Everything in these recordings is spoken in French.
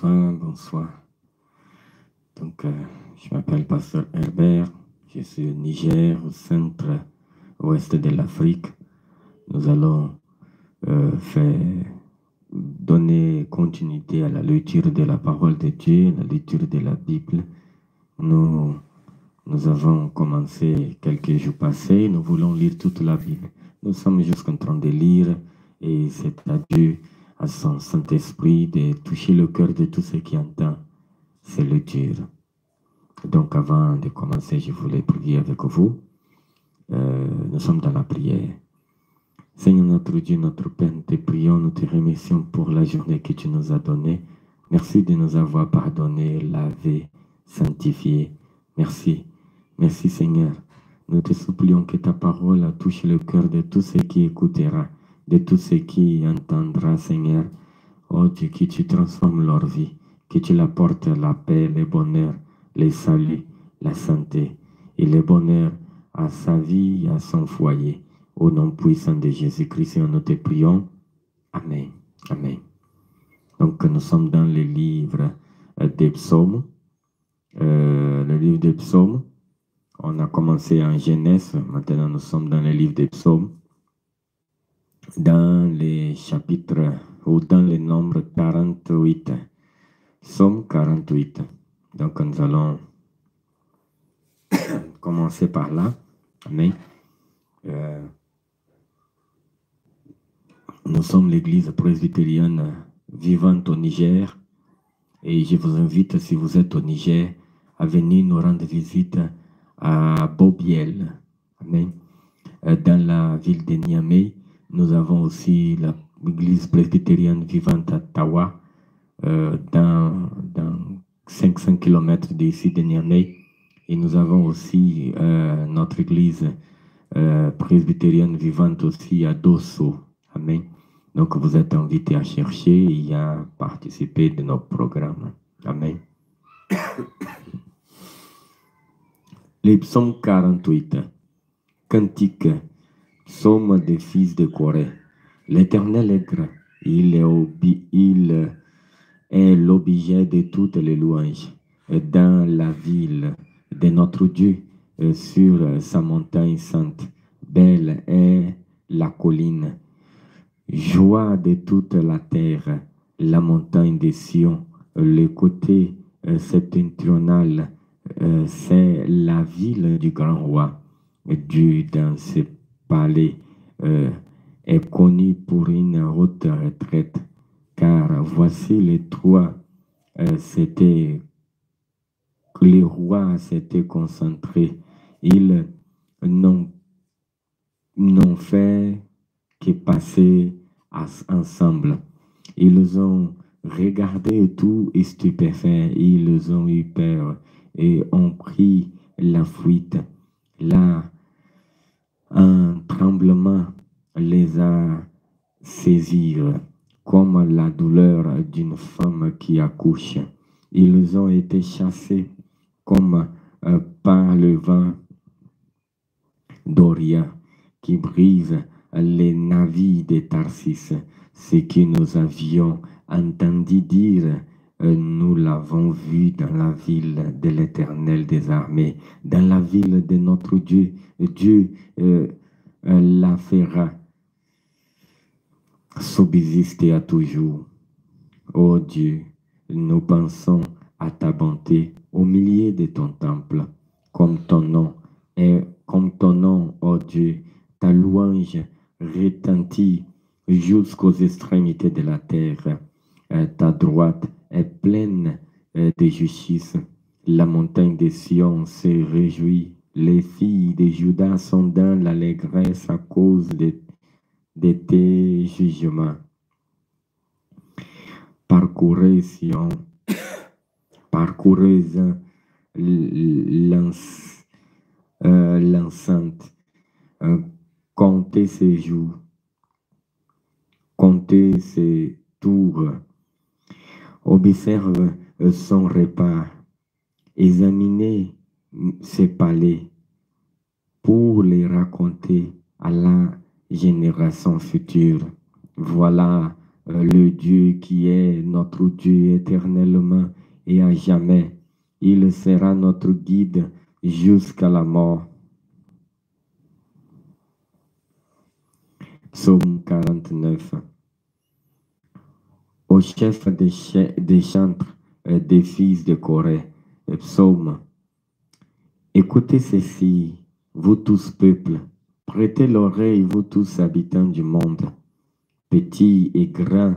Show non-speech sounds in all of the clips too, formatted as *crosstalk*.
Bonsoir, bonsoir. Donc, euh, je m'appelle Pasteur Herbert. Je suis au Niger, au centre ouest de l'Afrique. Nous allons euh, donner continuité à la lecture de la parole de Dieu, la lecture de la Bible. Nous, nous avons commencé quelques jours passés. Nous voulons lire toute la Bible. Nous sommes juste en train de lire et c'est à Dieu à son Saint-Esprit de toucher le cœur de tous ceux qui entendent. C'est le dire Donc avant de commencer, je voulais prier avec vous. Euh, nous sommes dans la prière. Seigneur notre Dieu, notre Père, nous te prions, nous te remercions pour la journée que tu nous as donnée. Merci de nous avoir pardonné, lavé, sanctifié. Merci. Merci Seigneur. Nous te supplions que ta parole touche le cœur de tous ceux qui écouteront de tous ceux qui entendra, Seigneur. Oh Dieu, que tu transformes leur vie, que tu leur la paix, le bonheur, le salut, la santé et le bonheur à sa vie à son foyer. Au nom puissant de Jésus-Christ, nous te prions. Amen. Amen. Donc, nous sommes dans le livre des psaumes. Euh, le livre des psaumes. On a commencé en Genèse. Maintenant, nous sommes dans le livre des psaumes dans les chapitres ou dans les nombres 48, Somme 48. Donc nous allons *coughs* commencer par là. Amen. Euh, nous sommes l'église presbytérienne vivante au Niger et je vous invite, si vous êtes au Niger, à venir nous rendre visite à Bobiel, Amen. Euh, dans la ville de Niamey. Nous avons aussi l'église presbytérienne vivante à Tawa, euh, dans, 500 km d'ici de Niamey. Et nous avons aussi euh, notre église euh, presbytérienne vivante aussi à Dosso. Amen. Donc vous êtes invités à chercher et à participer de nos programmes. Amen. *coughs* Les 48, cantique Somme des fils de Corée. L'Éternel est grand. Il est, l'objet de toutes les louanges. Dans la ville de notre Dieu, sur sa montagne sainte, belle est la colline. Joie de toute la terre, la montagne de Sion, le côté euh, septentrional, euh, c'est la ville du grand roi. Dieu dans ses palais euh, est connu pour une haute retraite, car voici les trois, c'était euh, les rois s'étaient concentrés. Ils n'ont fait que passer ensemble. Ils ont regardé tout stupéfait, ils ont eu peur et ont pris la fuite. Là, un tremblement les a saisir, comme la douleur d'une femme qui accouche. Ils ont été chassés comme euh, par le vent d'Orient qui brise les navires des Tarsis, ce que nous avions entendu dire nous l'avons vu dans la ville de l'Éternel des armées, dans la ville de notre Dieu. Dieu euh, euh, la fera subsister à toujours. Ô oh Dieu, nous pensons à ta bonté au milieu de ton temple, comme ton nom et comme ton nom, ô oh Dieu, ta louange retentit jusqu'aux extrémités de la terre. ta droite est pleine euh, de justice. La montagne de Sion se réjouit. Les filles de Judas sont dans l'allégresse à cause de, de tes jugements. Parcourez Sion, *coughs* parcourez euh, l'enceinte, euh, comptez ses jours, comptez ses tours Observe euh, son repas. Examinez ses palais pour les raconter à la génération future. Voilà euh, le Dieu qui est notre Dieu éternellement et à jamais. Il sera notre guide jusqu'à la mort. Psaume 49 au chef des, ch des euh, des fils de Corée, euh, psaume. Écoutez ceci, vous tous peuples, prêtez l'oreille, vous tous habitants du monde, petits et grands,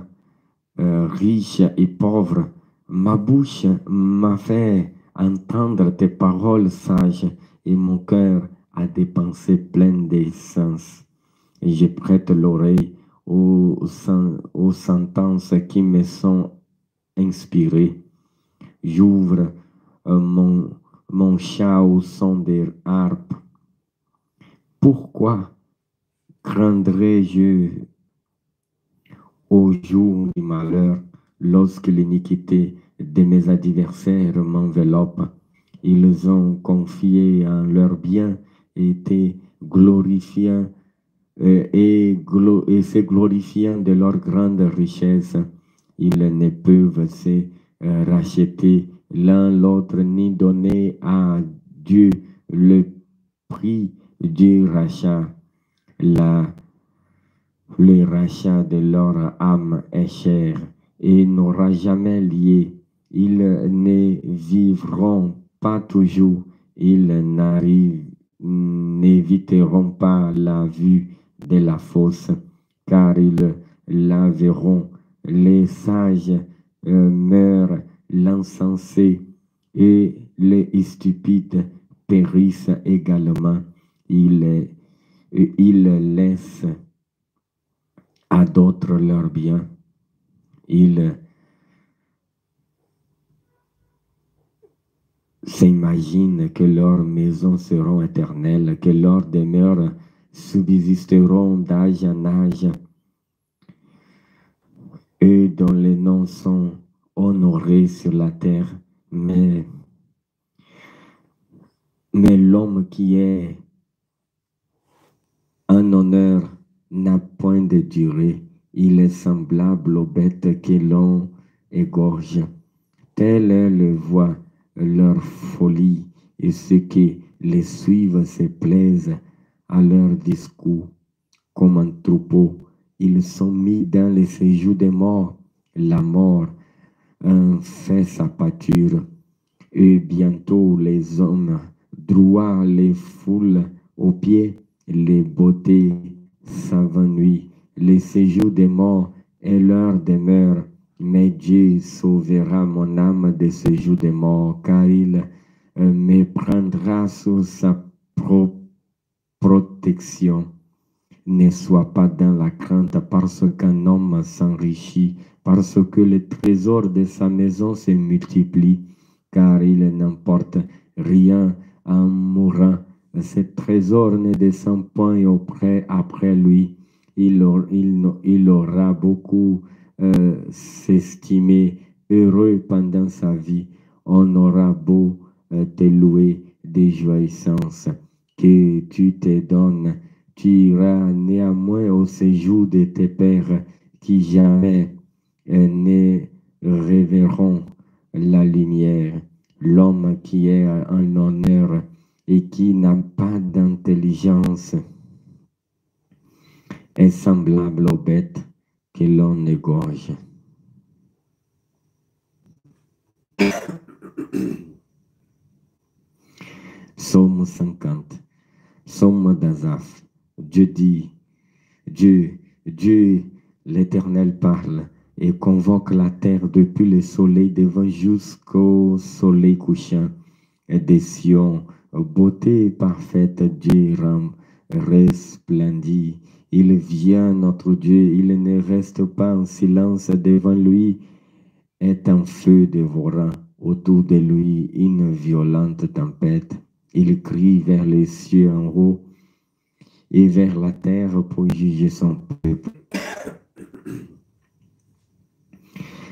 euh, riches et pauvres, ma bouche m'a fait entendre tes paroles sages et mon cœur a des pensées pleines d'essence. Et je prête l'oreille aux, aux sentences qui me sont inspirées. J'ouvre euh, mon, mon chat au son des harpes. Pourquoi craindrais-je au jour du malheur lorsque l'iniquité de mes adversaires m'enveloppe? Ils ont confié en leur bien et été glorifiés et, se glorifiant de leur grande richesse, ils ne peuvent se euh, racheter l'un l'autre ni donner à Dieu le prix du rachat. La, le rachat de leur âme est cher et n'aura jamais lié. Ils ne vivront pas toujours, ils n'éviteront pas la vue de la fosse, car ils la verront. Les sages euh, meurent l'insensé et les stupides périssent également. Ils, ils laissent à d'autres leurs biens. Ils s'imaginent que leurs maisons seront éternelles, que leurs demeures subsisteront d'âge en âge. Eux dont les noms sont honorés sur la terre, mais, mais l'homme qui est un honneur n'a point de durée. Il est semblable aux bêtes que l'on égorge. Telle est le voie, leur folie, et ceux qui les suivent se plaisent à leur discours. Comme un troupeau, ils sont mis dans les séjours des morts. La mort en hein, fait sa pâture. Et bientôt les hommes droit les foules aux pieds, les beautés s'avanouissent, les séjours des morts et leur demeure. Mais Dieu sauvera mon âme de ce jour des morts, car il euh, me prendra sous sa propre protection ne sois pas dans la crainte parce qu'un homme s'enrichit, parce que les trésors de sa maison se multiplient, car il n'emporte rien en mourant. Ce trésor ne descend point auprès, après lui. Il, aura beaucoup euh, s'estimé heureux pendant sa vie. On aura beau euh, te louer des jouissances que tu te donnes. Tu iras néanmoins au séjour de tes pères qui jamais ne reverront la lumière. L'homme qui est un honneur et qui n'a pas d'intelligence est semblable aux bêtes que l'on égorge. Somme 50 Somme d'Azaf, Dieu dit, Dieu, Dieu, l'Éternel parle et convoque la terre depuis le soleil devant jusqu'au soleil couchant. Et des Sion, beauté parfaite, Dieu rame, resplendit. Il vient, notre Dieu, il ne reste pas en silence devant lui, est un feu dévorant autour de lui, une violente tempête. Il crie vers les cieux en haut et vers la terre pour juger son peuple.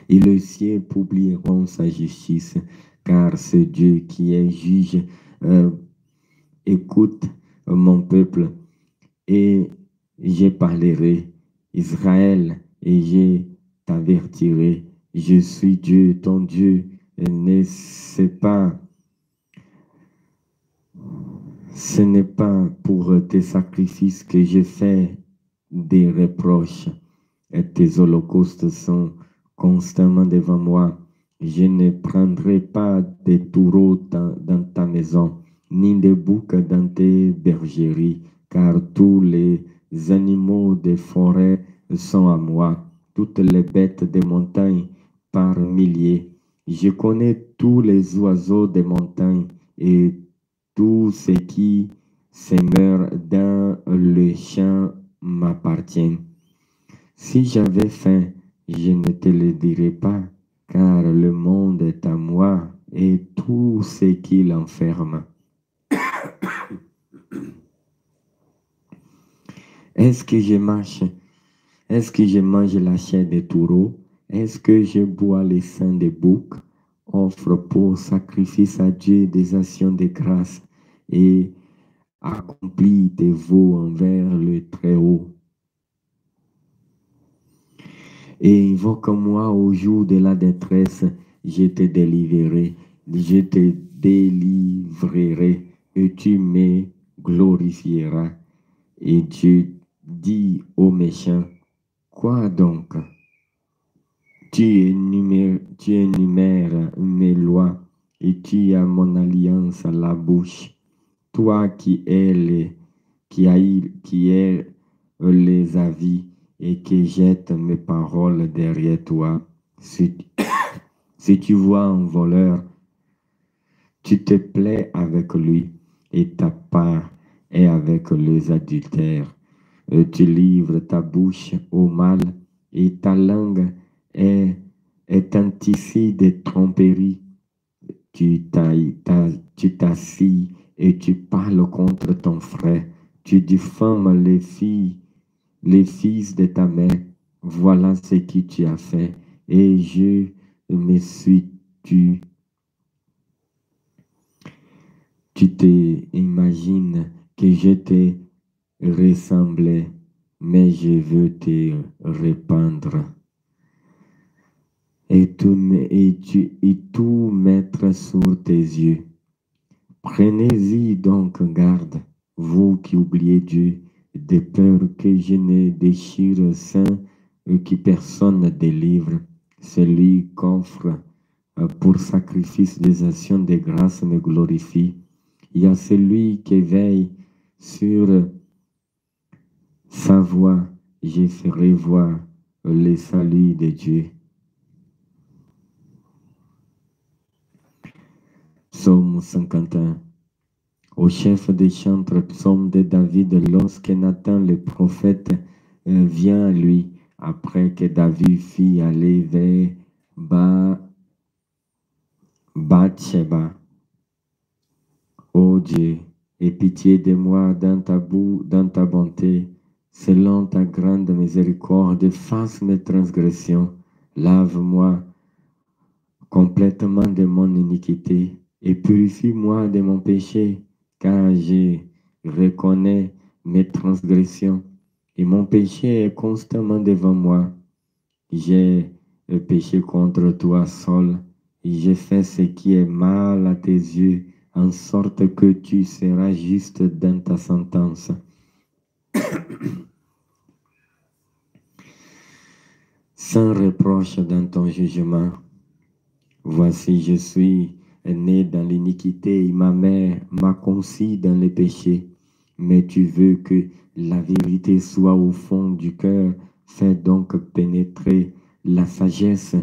Et le ciel publieront sa justice, car ce Dieu qui est juge euh, écoute mon peuple et je parlerai, Israël, et je t'avertirai. Je suis Dieu, ton Dieu, et ne sais pas ce n'est pas pour tes sacrifices que je fais des reproches, et tes holocaustes sont constamment devant moi. Je ne prendrai pas des taureaux dans, ta maison, ni des boucs dans tes bergeries, car tous les animaux des forêts sont à moi, toutes les bêtes des montagnes par milliers. Je connais tous les oiseaux des montagnes et tout ce qui meurt dans le champ m'appartient. Si j'avais faim, je ne te le dirais pas, car le monde est à moi et tout ce qui l'enferme. *coughs* Est-ce que je marche? Est-ce que je mange la chair des taureaux? Est-ce que je bois les seins des boucs? Offre pour sacrifice à Dieu des actions de grâce et accomplis tes vœux envers le Très-Haut. Et invoque-moi au jour de la détresse, je te délivrerai, je te délivrerai, et tu me glorifieras. Et tu dis aux méchants, quoi donc tu énumères mes lois et tu as mon alliance à la bouche toi qui es les, qui, qui est les avis et qui jette mes paroles derrière toi. *coughs* Si, tu vois un voleur, tu te plais avec lui et ta part est avec les adultères. Euh, tu livres ta bouche au mal et ta langue est, est un tissu de tromperie. Tu t'assis et tu parles contre ton frère, tu diffames les filles, les fils de ta mère. Voilà ce que tu as fait et je me suis tu. Tu te que je te ressemblais, mais je veux te répandre et tout, et tu, et tout mettre sur tes yeux. Prenez-y donc garde, vous qui oubliez Dieu, de peurs que je ne déchire saint et euh, que personne ne délivre. Celui qu'offre euh, pour sacrifice des actions de grâce me glorifie. Il y a celui qui veille sur euh, sa voix, je ferai voir le salut de Dieu. Psaume 51. Au chef des chantres, psaume de David, lorsque Nathan le prophète vient à lui, après que David fit aller vers Bathsheba. Ô oh Dieu, aie e pitié de moi dans ta, boue, dans ta bonté, selon ta grande miséricorde, fasse mes transgressions, lave-moi complètement de mon iniquité et purifie-moi de mon péché, car je reconnais mes transgressions et mon péché est constamment devant moi. J'ai péché contre toi seul, et j'ai fait ce qui est mal à tes yeux, en sorte que tu seras juste dans ta sentence. *coughs* Sans reproche dans ton jugement. Voici, je suis dans l'iniquité et ma mère m'a conçu dans les péchés. Mais tu veux que la vérité soit au fond du cœur, fais donc pénétrer la sagesse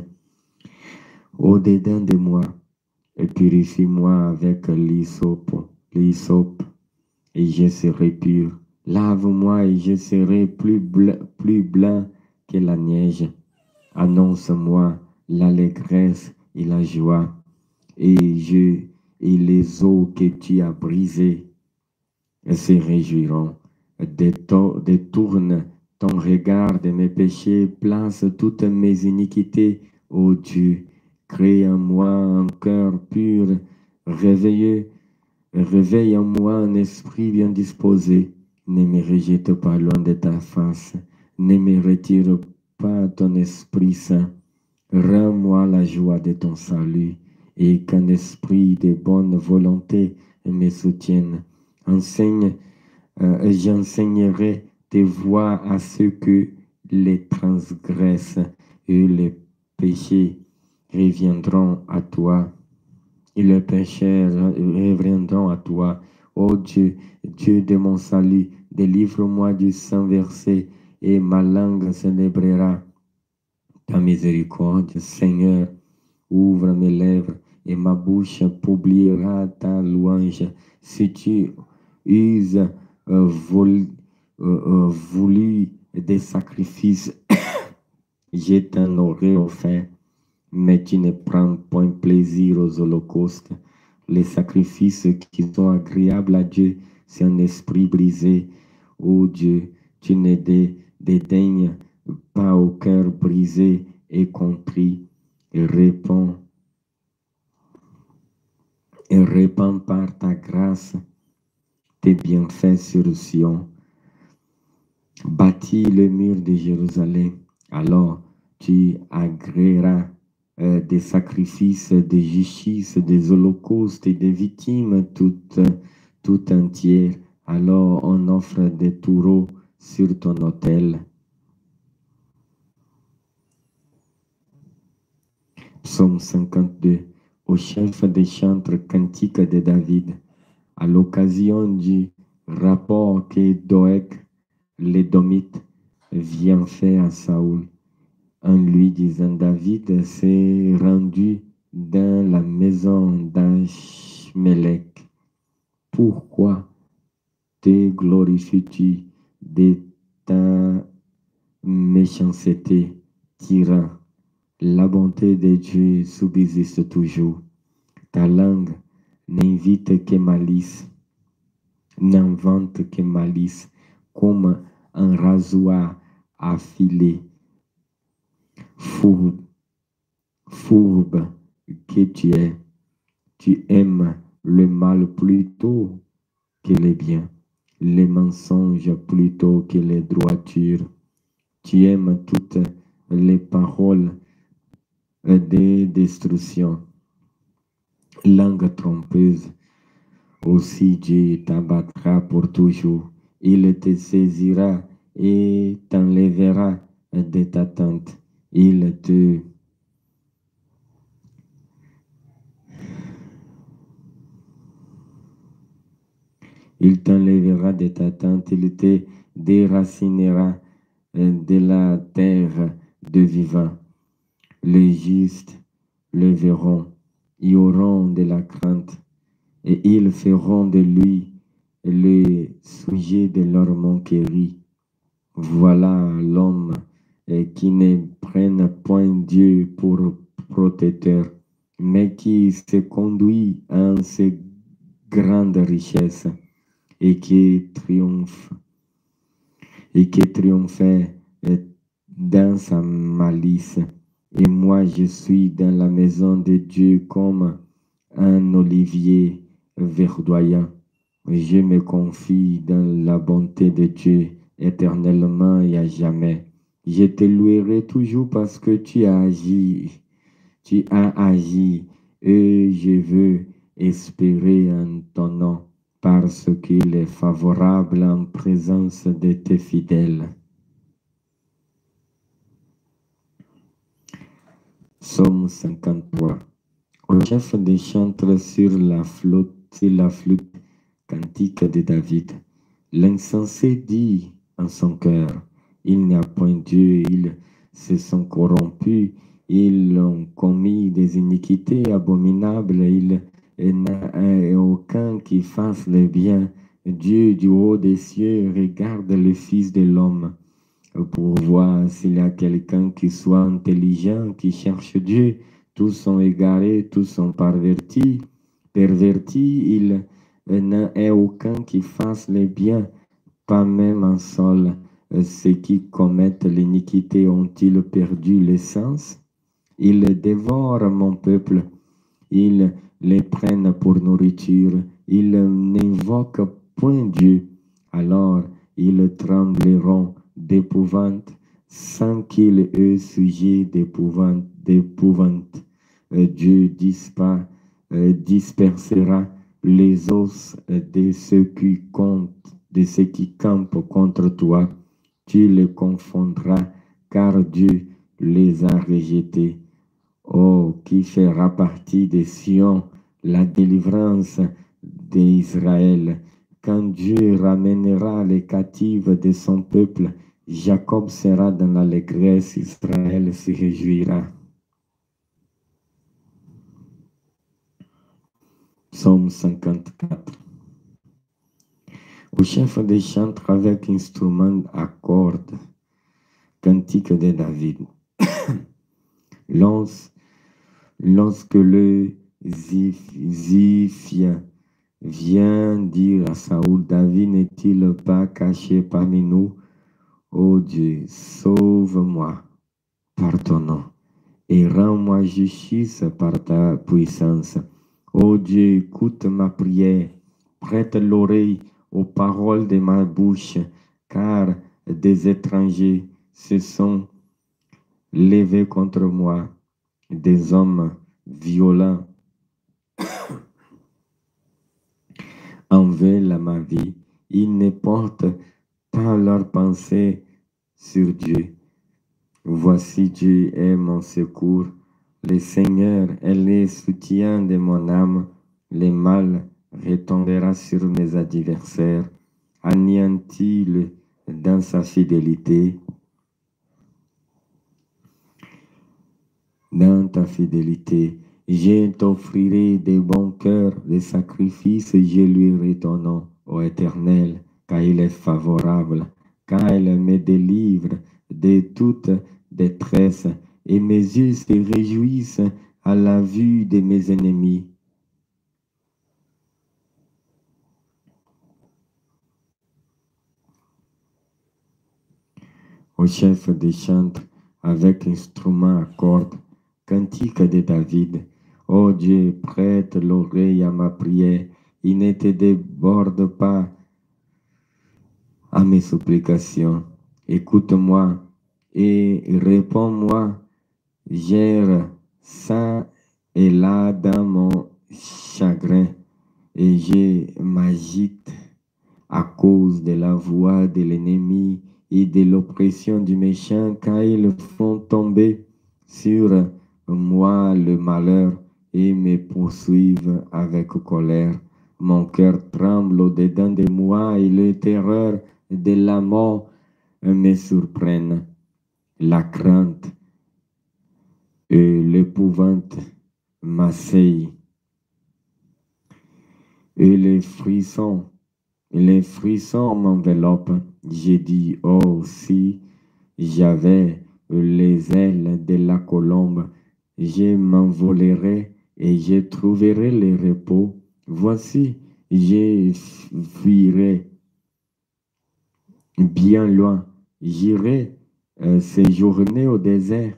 au-dedans de moi et purifie-moi avec l'hysope, et je serai pur. Lave-moi et je serai plus, plus blanc que la neige. Annonce-moi l'allégresse et la joie et, je, et les eaux que tu as brisées se réjouiront. Détourne ton regard de mes péchés, place toutes mes iniquités, ô Dieu. Crée en moi un cœur pur, réveille en moi un esprit bien disposé. Ne me rejette pas loin de ta face, ne me retire pas ton esprit saint. Rends-moi la joie de ton salut et qu'un esprit de bonne volonté me soutienne. Enseigne, euh, j'enseignerai tes voies à ceux que les transgressent et les péchés reviendront à toi. Et les péchés reviendront à toi. Ô Dieu, Dieu de mon salut, délivre-moi du sang versé et ma langue célébrera ta miséricorde. Seigneur, ouvre mes lèvres et ma bouche publiera ta louange. Si tu uses euh, euh, euh, voulu des sacrifices, *coughs* je t'en aurais offert, mais tu ne prends point plaisir aux holocaustes. Les sacrifices qui sont agréables à Dieu, c'est un esprit brisé. Ô oh Dieu, tu ne dédaignes pas au cœur brisé et compris. Réponds et répands par ta grâce tes bienfaits sur Sion. Bâtis le mur de Jérusalem, alors tu agréeras euh, des sacrifices, des justices, des holocaustes et des victimes toutes tout entières. Alors on offre des taureaux sur ton autel. Psaume 52 au chef des chantres cantiques de David à l'occasion du rapport que Doeg, l'édomite, vient faire à Saoul en lui disant David s'est rendu dans la maison d'Achmelech. Pourquoi te glorifies-tu de ta méchanceté, tyran la bonté de Dieu subsiste toujours. Ta langue n'invite que malice, n'invente que malice, comme un rasoir affilé. Fourbe, fourbe que tu es, tu aimes le mal plutôt que le bien, les mensonges plutôt que les droitures. Tu aimes toutes les paroles des destruction Langue trompeuse, aussi Dieu t'abattra pour toujours. Il te saisira et t'enlèvera de ta tente. Il te Il t'enlèvera de ta tente, il te déracinera de la terre de vivant. Les justes le verront, y auront de la crainte, et ils feront de lui le sujet de leur manquerie. Voilà l'homme euh, qui ne prenne point Dieu pour protecteur, mais qui se conduit en ses grandes richesses et qui triomphe et qui triomphe euh, dans sa malice. Et moi, je suis dans la maison de Dieu comme un olivier verdoyant. Je me confie dans la bonté de Dieu éternellement et à jamais. Je te louerai toujours parce que tu as agi. Tu as agi et je veux espérer en ton nom parce qu'il est favorable en présence de tes fidèles. Psaume 53. Au chef des chantres sur la flotte, et la flûte, cantique de David. L'insensé dit en son cœur, il n'y a point Dieu, ils se sont corrompus, ils ont commis des iniquités abominables, il n'y a aucun qui fasse le bien. Dieu du haut des cieux regarde les Fils de l'homme pour voir s'il y a quelqu'un qui soit intelligent, qui cherche Dieu. Tous sont égarés, tous sont pervertis. Pervertis, il n'en est aucun qui fasse le bien, pas même un seul. Ceux qui commettent l'iniquité ont-ils perdu l'essence Ils dévorent mon peuple. Ils les prennent pour nourriture. Ils n'invoquent point Dieu. Alors ils trembleront d'épouvante, sans qu'il eût sujet d'épouvante, d'épouvante. Euh, Dieu euh, dispersera les os de ceux qui comptent, de ceux qui campent contre toi. Tu les confondras, car Dieu les a rejetés. Oh, qui fera partie de Sion la délivrance d'Israël, quand Dieu ramènera les captives de son peuple Jacob sera dans l'allégresse, Israël se réjouira. Psaume 54. Au chef des chantres avec instrument à cordes, cantique de David. *coughs* Lorsque le Ziphien vient dire à Saoul, David n'est-il pas caché parmi nous? Ô oh Dieu, sauve-moi, par ton nom, et rends-moi justice par ta puissance. Ô oh Dieu, écoute ma prière, prête l'oreille aux paroles de ma bouche, car des étrangers se sont levés contre moi, des hommes violents *coughs* envers ma vie. Ils ne portent pas leurs pensées sur Dieu. Voici Dieu est mon secours. Le Seigneur est le soutien de mon âme. Le mal retombera sur mes adversaires. anéantit il dans sa fidélité. Dans ta fidélité, je t'offrirai des bons cœurs, des sacrifices, je lui retourne, au Éternel, car il est favorable quand elle me délivre de toute détresse, et mes yeux se réjouissent à la vue de mes ennemis. Au chef des chantres, avec instrument à cordes, cantique de David, Ô oh Dieu, prête l'oreille à ma prière, il ne te déborde pas à mes supplications. Écoute-moi et réponds-moi. j'ai ça et là dans mon chagrin et j'ai m'agite à cause de la voix de l'ennemi et de l'oppression du méchant car ils font tomber sur moi le malheur et me poursuivent avec colère. Mon cœur tremble au-dedans de moi et le terreur de la mort me surprennent. La crainte et l'épouvante m'asseillent Et les frissons, les frissons m'enveloppent. J'ai dit, oh, si j'avais les ailes de la colombe, je m'envolerai et je trouverai le repos. Voici, je fuirais bien loin. J'irai euh, séjourner au désert.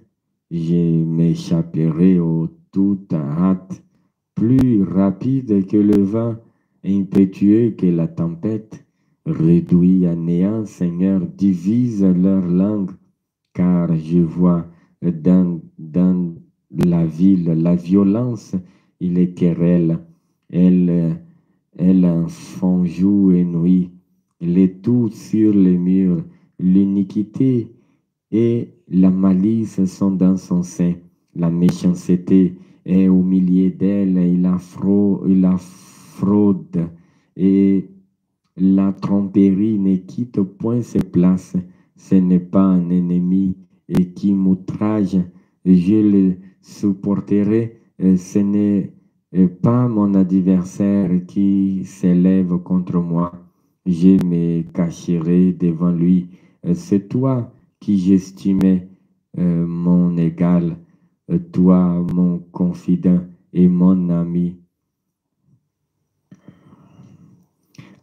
Je m'échapperai au toute hâte, plus rapide que le vent, impétueux que la tempête. Réduit à néant, Seigneur, divise leur langue, car je vois dans, dans la ville la violence Il est querelles. Elle, elle en font joue et nuit les tout sur les murs, l'iniquité et la malice sont dans son sein, la méchanceté est au milieu d'elle, et la fraude et la tromperie ne quitte point ses places. Ce n'est pas un ennemi et qui m'outrage, je le supporterai. Ce n'est pas mon adversaire qui s'élève contre moi je me cacherai devant lui. Euh, c'est toi qui j'estimais euh, mon égal, euh, toi mon confident et mon ami.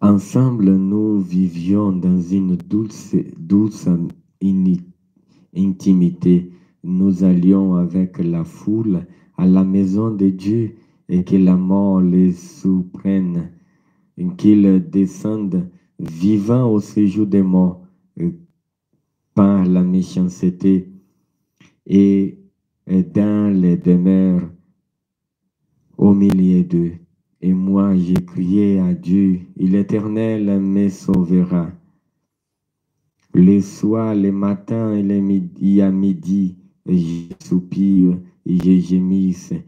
Ensemble, nous vivions dans une douce, douce intimité. Nous allions avec la foule à la maison de Dieu et que la mort les surprenne qu'il descende vivant au séjour des morts euh, par la méchanceté et euh, dans les demeures au milieu d'eux. Et moi, j'ai crié à Dieu, et l'Éternel me sauvera. les soirs, les matins et les midi, à midi, je soupire et je gémisse, et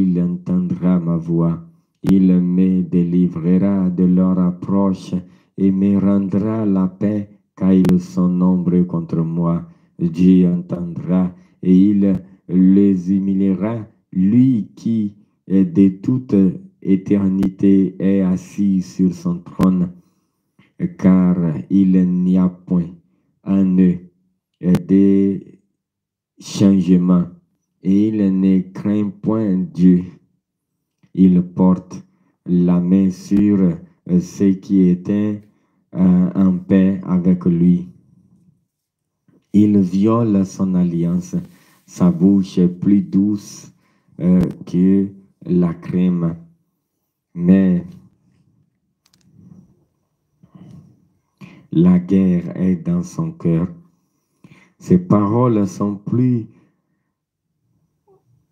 il entendra ma voix. Il me délivrera de leur approche et me rendra la paix, car ils sont nombreux contre moi. Dieu entendra et il les humiliera, lui qui est de toute éternité est assis sur son trône, car il n'y a point en eux de changement et il ne craint point Dieu il porte la main sur euh, ceux qui étaient euh, en paix avec lui. Il viole son alliance, sa bouche est plus douce euh, que la crème. Mais la guerre est dans son cœur. Ses paroles sont plus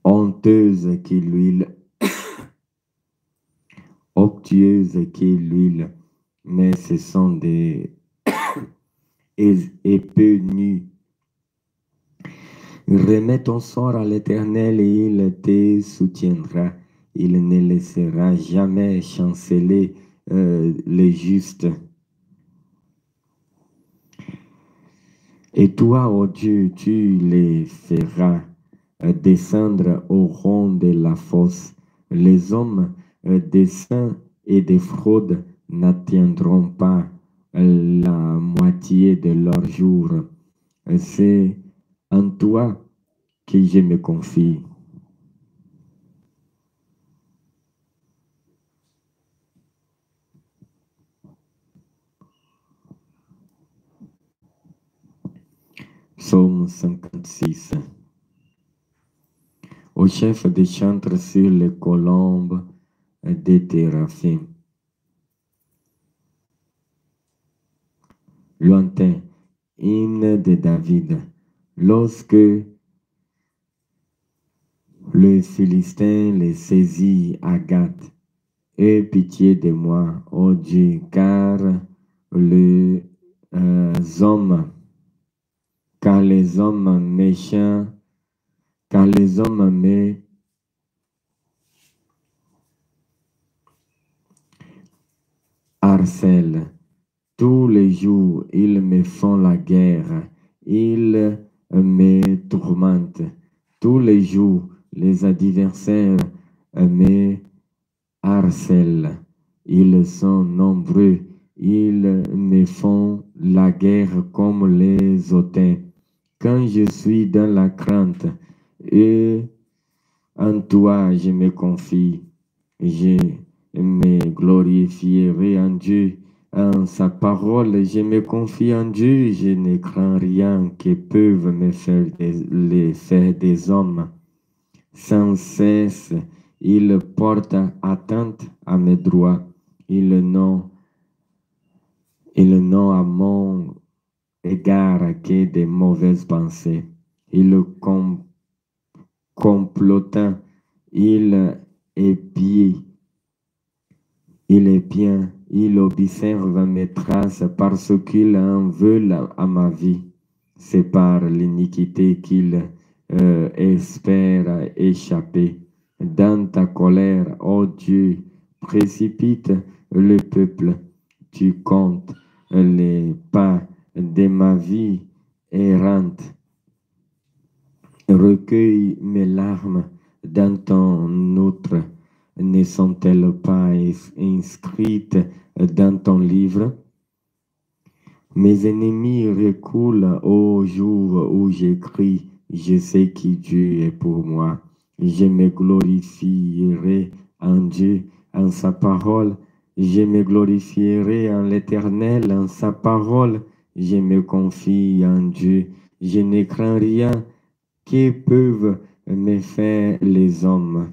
honteuses que l'huile qui l'huile, mais ce sont des épées *coughs* nues. Remets ton sort à l'Éternel et il te soutiendra. Il ne laissera jamais chanceler euh, les justes. Et toi, ô oh Dieu, tu les feras descendre au rond de la fosse. Les hommes euh, des et des fraudes n'atteindront pas la moitié de leurs jours. C'est en toi que je me confie. Psaume 56 Au chef des chantres sur les colombes, des Lointain, hymne de David, lorsque le Philistin les saisit à Gath. Aie pitié de moi, ô Dieu, car les euh, hommes, car les hommes méchants, car les hommes méchants, Tous les jours, ils me font la guerre. Ils me tourmentent. Tous les jours, les adversaires me harcèlent. Ils sont nombreux. Ils me font la guerre comme les hôtels Quand je suis dans la crainte et en toi je me confie, j'ai mais glorifierai en Dieu. En sa parole, je me confie en Dieu, je ne crains rien que peuvent me faire des, les des hommes. Sans cesse, il porte atteinte à mes droits. Il n'ont il non à mon égard que des mauvaises pensées. Il com complotant, il épie il est bien, il observe mes traces parce qu'il en veut à ma vie. C'est par l'iniquité qu'il euh, espère échapper. Dans ta colère, ô Dieu, précipite le peuple. Tu comptes les pas de ma vie errante. Recueille mes larmes dans ton autre ne sont-elles pas inscrites dans ton livre Mes ennemis reculent au jour où j'écris, je sais qui Dieu est pour moi. Je me glorifierai en Dieu, en sa parole. Je me glorifierai en l'Éternel, en sa parole. Je me confie en Dieu. Je ne crains rien. Que peuvent me faire les hommes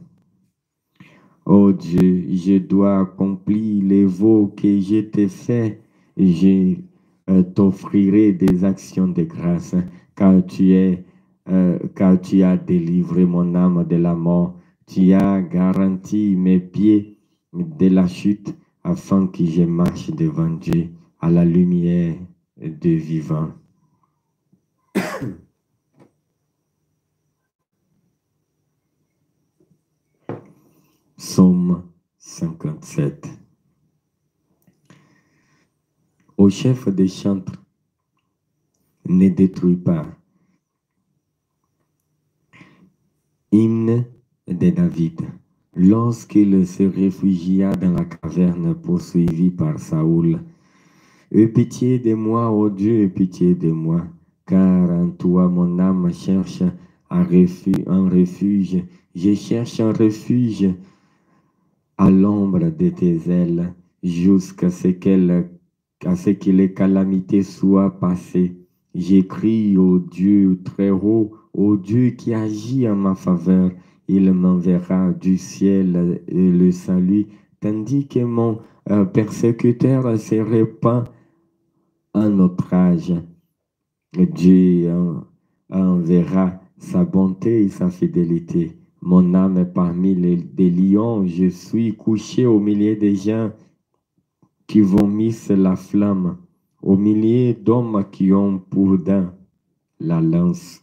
Oh Dieu, je dois accomplir les vœux que je t'ai faits. Je euh, t'offrirai des actions de grâce, car tu es, euh, car tu as délivré mon âme de la mort. Tu as garanti mes pieds de la chute afin que je marche devant Dieu à la lumière du vivant. Psaume 57 Au chef des chantres, ne détruis pas. Hymne de David. Lorsqu'il se réfugia dans la caverne poursuivi par Saoul, Aie pitié de moi, ô Dieu, aie pitié de moi, car en toi mon âme cherche un refuge. Je cherche un refuge à l'ombre de tes ailes jusqu'à ce, qu'elle, à ce que les calamités soient passées. J'écris au Dieu très haut, au Dieu qui agit en ma faveur. Il m'enverra du ciel et le salut, tandis que mon euh, persécuteur se répand en outrage. Dieu enverra sa bonté et sa fidélité. Mon âme est parmi les, lions. Je suis couché au milieu des gens qui vomissent la flamme, au milieu d'hommes qui ont pour dents la lance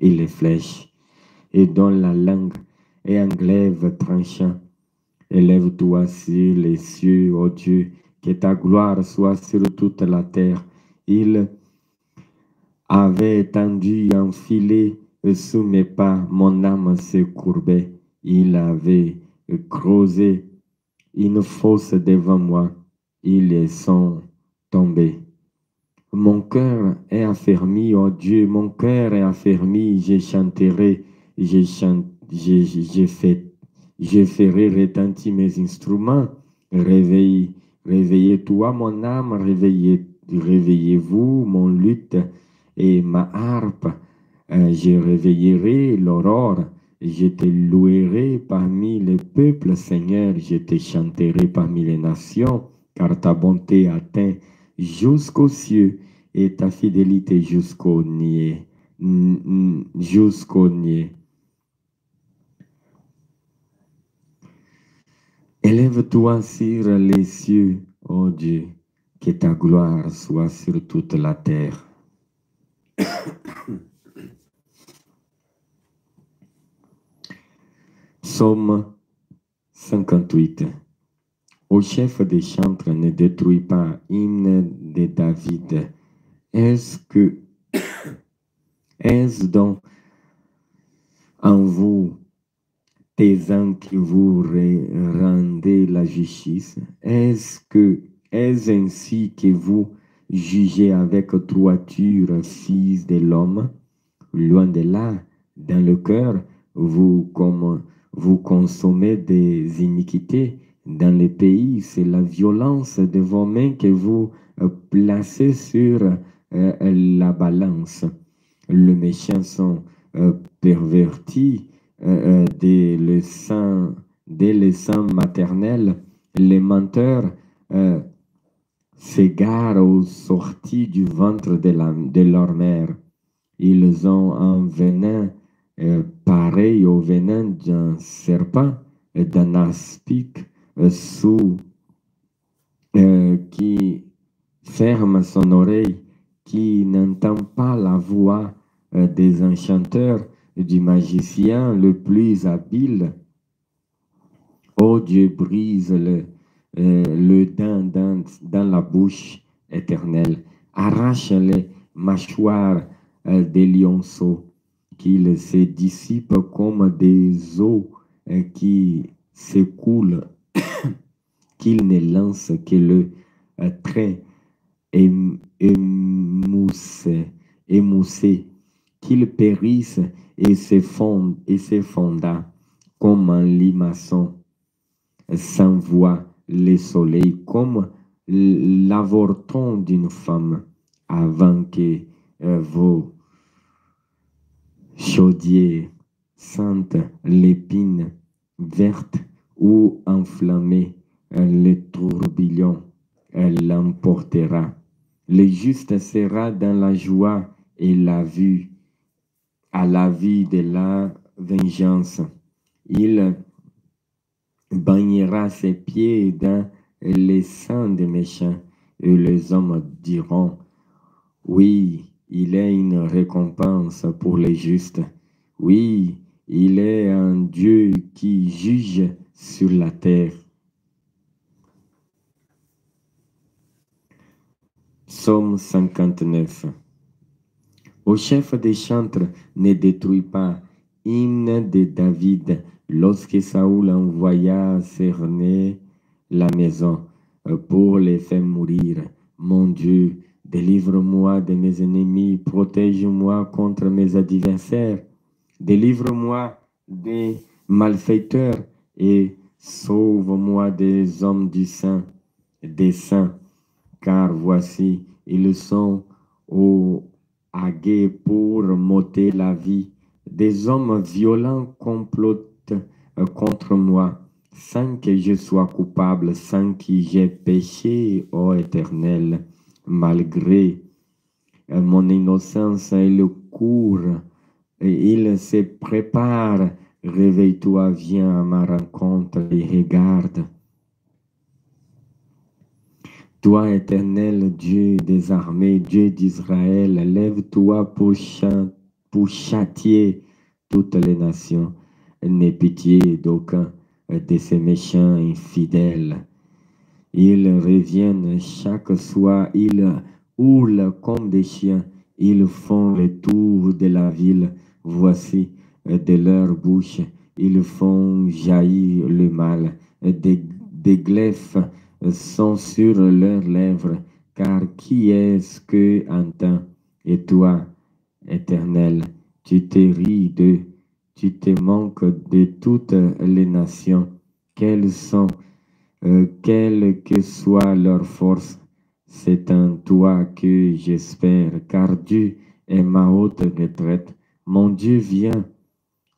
et les flèches, et dont la langue est un glaive tranchant. Élève-toi sur les cieux, ô Dieu, que ta gloire soit sur toute la terre. Il avait tendu un filet sous mes pas, mon âme se courbait. Il avait creusé une fosse devant moi. Ils sont tombés. Mon cœur est affermi, oh Dieu, mon cœur est affermi. Je chanterai, je, chante, je, fait j'ai ferai retentir mes instruments. Réveille, réveillez-toi, mon âme, réveillez-vous, mon luth et ma harpe je réveillerai l'aurore, je te louerai parmi les peuples, Seigneur, je te chanterai parmi les nations, car ta bonté atteint jusqu'aux cieux et ta fidélité jusqu'au niais. Jusqu'au Élève-toi sur les cieux, ô Dieu, que ta gloire soit sur toute la terre. Psaume 58. Au chef des chantres, ne détruis pas, hymne de David. Est-ce que, est-ce donc en vous, tes ans qui vous rendez la justice? Est-ce que, est-ce ainsi que vous jugez avec droiture, fils de l'homme? Loin de là, dans le cœur, vous comme vous consommez des iniquités dans les pays. C'est la violence de vos mains que vous euh, placez sur euh, la balance. Les méchants sont euh, pervertis dès, le sein, maternel. Les menteurs s'égarent aux sorties du ventre de, la, de leur mère. Ils ont un venin euh, pareil au venin d'un serpent et d'un aspic euh, sous euh, qui ferme son oreille, qui n'entend pas la voix des enchanteurs, du magicien le plus habile. Oh Dieu, brise le, le dans, la bouche éternelle, arrache les mâchoires des lionceaux, qu'il se dissipe comme des eaux euh, qui s'écoulent, *coughs* qu'il ne lance que le euh, trait émoussé, émoussé qu'il périsse et se et comme un limaçon voix le soleil comme l'avorton d'une femme avant que euh, vos Chaudier, sente l'épine verte ou enflammée, le tourbillon l'emportera. Le juste sera dans la joie et la vue, à la vie de la vengeance. Il baignera ses pieds dans les sangs des méchants, et les hommes diront, oui, il est une récompense pour les justes. Oui, il est un Dieu qui juge sur la terre. Psaume 59. Au chef des chantres, ne détruis pas, hymne de David, lorsque Saoul envoya cerner la maison euh, pour les faire mourir. Mon Dieu, Délivre-moi de mes ennemis, protège-moi contre mes adversaires, délivre-moi des malfaiteurs et sauve-moi des hommes du saint, des saints, car voici, ils sont au aguet pour m'ôter la vie. Des hommes violents complotent euh, contre moi, sans que je sois coupable, sans que j'ai péché, ô Éternel malgré euh, mon innocence, il court, et il se prépare. Réveille-toi, viens à ma rencontre et regarde. Toi, éternel Dieu des armées, Dieu d'Israël, lève-toi pour, pour châtier toutes les nations. N'aie pitié d'aucun de ces méchants infidèles ils reviennent chaque soir, ils houlent comme des chiens, ils font le tour de la ville. Voici de leur bouche, ils font jaillir le mal. Des, des sont sur leurs lèvres, car qui est-ce que entend Et toi, Éternel, tu te ris d'eux, tu te manques de toutes les nations. Quelles sont quelle que soit leur force, c'est en toi que j'espère, car Dieu est ma haute retraite. Mon Dieu vient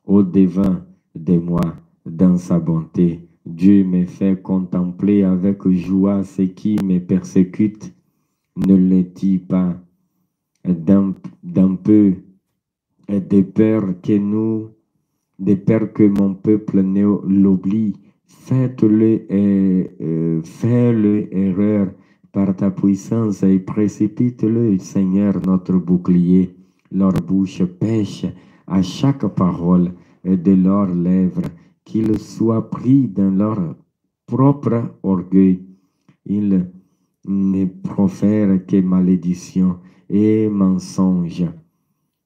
au-devant de moi dans sa bonté. Dieu me fait contempler avec joie ce qui me persécute. Ne le pas d'un peu des peurs que nous, de peur que mon peuple ne l'oublie Faites-le et euh, le erreur par ta puissance et précipite-le, Seigneur, notre bouclier. Leur bouche pêche à chaque parole de leurs lèvres, qu'ils soient pris dans leur propre orgueil. Ils ne profèrent que malédiction et mensonge.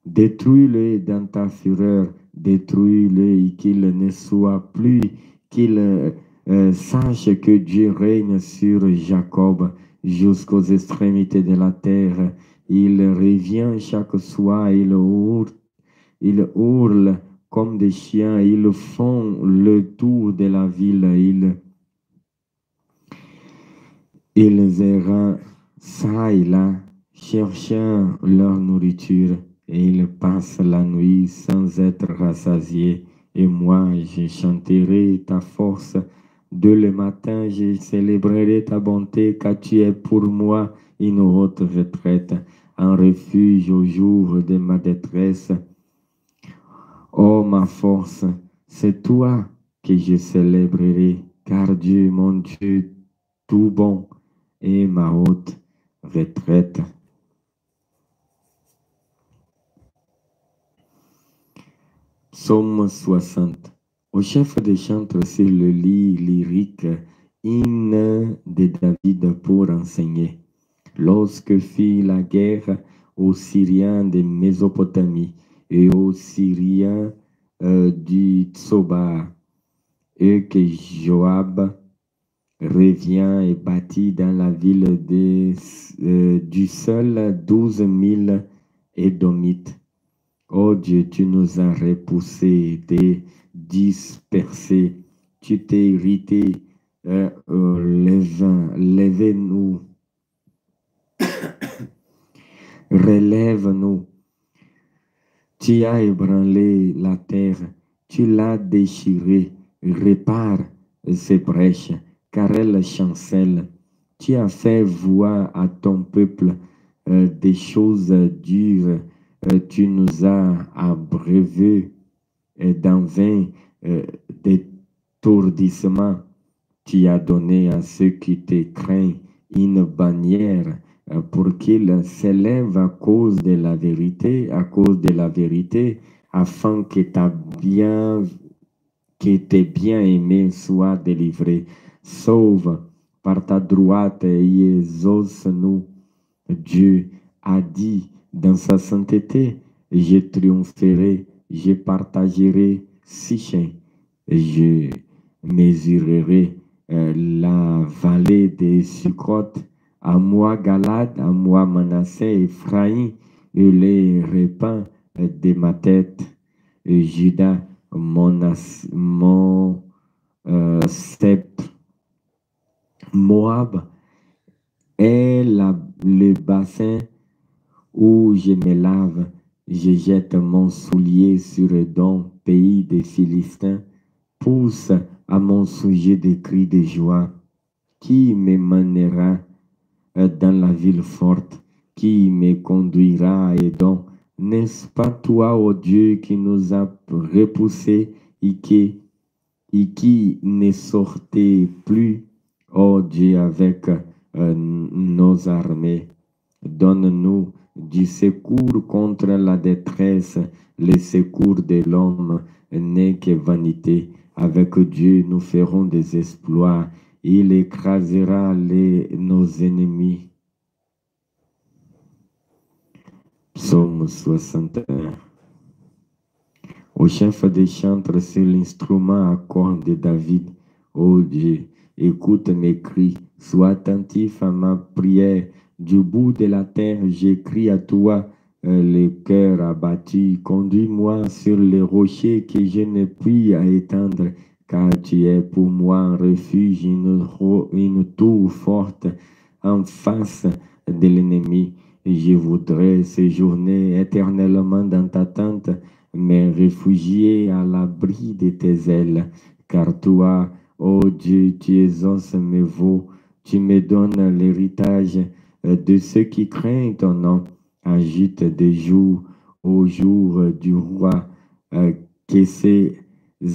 Détruis-le dans ta fureur, détruis-le et qu'il ne soit plus qu'il euh, euh, sache que Dieu règne sur Jacob jusqu'aux extrémités de la terre. Il revient chaque soir, il hurle, il hurle comme des chiens, ils font le tour de la ville, ils, ils ça et là, cherchant leur nourriture, et ils passent la nuit sans être rassasiés. Et moi, je chanterai ta force. Dès le matin, je célébrerai ta bonté, car tu es pour moi une haute retraite, un refuge au jour de ma détresse. Oh, ma force, c'est toi que je célébrerai, car Dieu, mon Dieu, tout bon, est ma haute retraite. Somme 60. Au chef des chantres sur le lit lyrique, hymne de David pour enseigner. Lorsque fit la guerre aux Syriens de Mésopotamie et aux Syriens euh, du Tsoba, et que Joab revient et bâtit dans la ville de euh, du seul douze mille Édomites oh Dieu, tu nous as repoussés, t'es dispersé, tu t'es irrité, euh, euh les nous *coughs* relève-nous. Tu as ébranlé la terre, tu l'as déchirée, répare ses brèches, car elle chancelle. Tu as fait voir à ton peuple euh, des choses dures tu nous as abreuvés d'un vain euh, d'étourdissement. Tu as donné à ceux qui te craignent une bannière euh, pour qu'ils s'élèvent à cause de la vérité, à cause de la vérité, afin que ta bien que tes bien-aimés soient délivrés. Sauve par ta droite et exauce-nous. Dieu a dit dans sa sainteté, je triompherai, je partagerai six chiens, je mesurerai euh, la vallée des Sucrotes, à moi Galade, à moi Manassé, Ephraim et les repas de ma tête, Judas, mon, euh, Moab et le bassin où je me lave, je jette mon soulier sur Edom, pays des Philistins, pousse à mon sujet des cris de joie. Qui me mènera dans la ville forte? Qui me conduira à Edom? N'est-ce pas toi, ô Dieu, qui nous a repoussés et qui, et qui ne sortait plus, ô Dieu, avec euh, nos armées? Donne-nous du secours contre la détresse, le secours de l'homme n'est que vanité. Avec Dieu, nous ferons des exploits. Il écrasera les, nos ennemis. Psaume 61. Au chef des chantres, c'est l'instrument à cornes de David. Ô Dieu, écoute mes cris, sois attentif à ma prière du bout de la terre, j'écris à toi, euh, le cœur abattu. Conduis-moi sur les rochers que je ne puis étendre, car tu es pour moi un refuge, une, tour forte en face de l'ennemi. Je voudrais séjourner éternellement dans ta tente, mais réfugier à l'abri de tes ailes, car toi, ô Dieu, tu exauces mes veaux, tu me donnes l'héritage de ceux qui craignent ton nom. Agite des jours au jour du roi, euh, que ces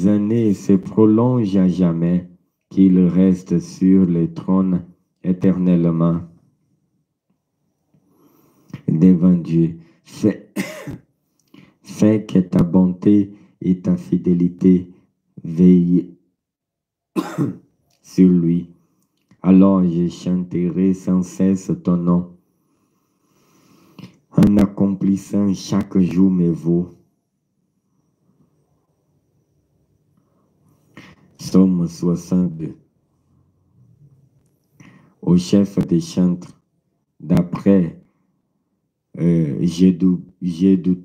années se prolongent à jamais, qu'il reste sur le trône éternellement. Devant Dieu, fais, *coughs* fais que ta bonté et ta fidélité veillent *coughs* sur lui alors je chanterai sans cesse ton nom, en accomplissant chaque jour mes vœux. Somme 62. Au chef des chantres, d'après euh, j'ai du,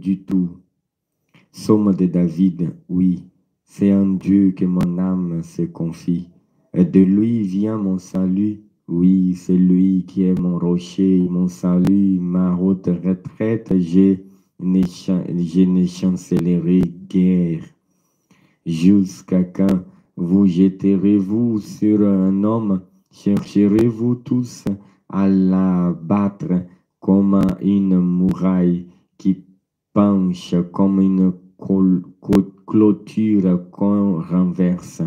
du tout. Somme de David, oui, c'est un Dieu que mon âme se confie de lui vient mon salut. Oui, c'est lui qui est mon rocher, mon salut, ma haute retraite. Je ne chancellerai guère. Jusqu'à quand vous jeterez vous sur un homme, chercherez-vous tous à battre comme une muraille qui penche, comme une clôture qu'on renverse.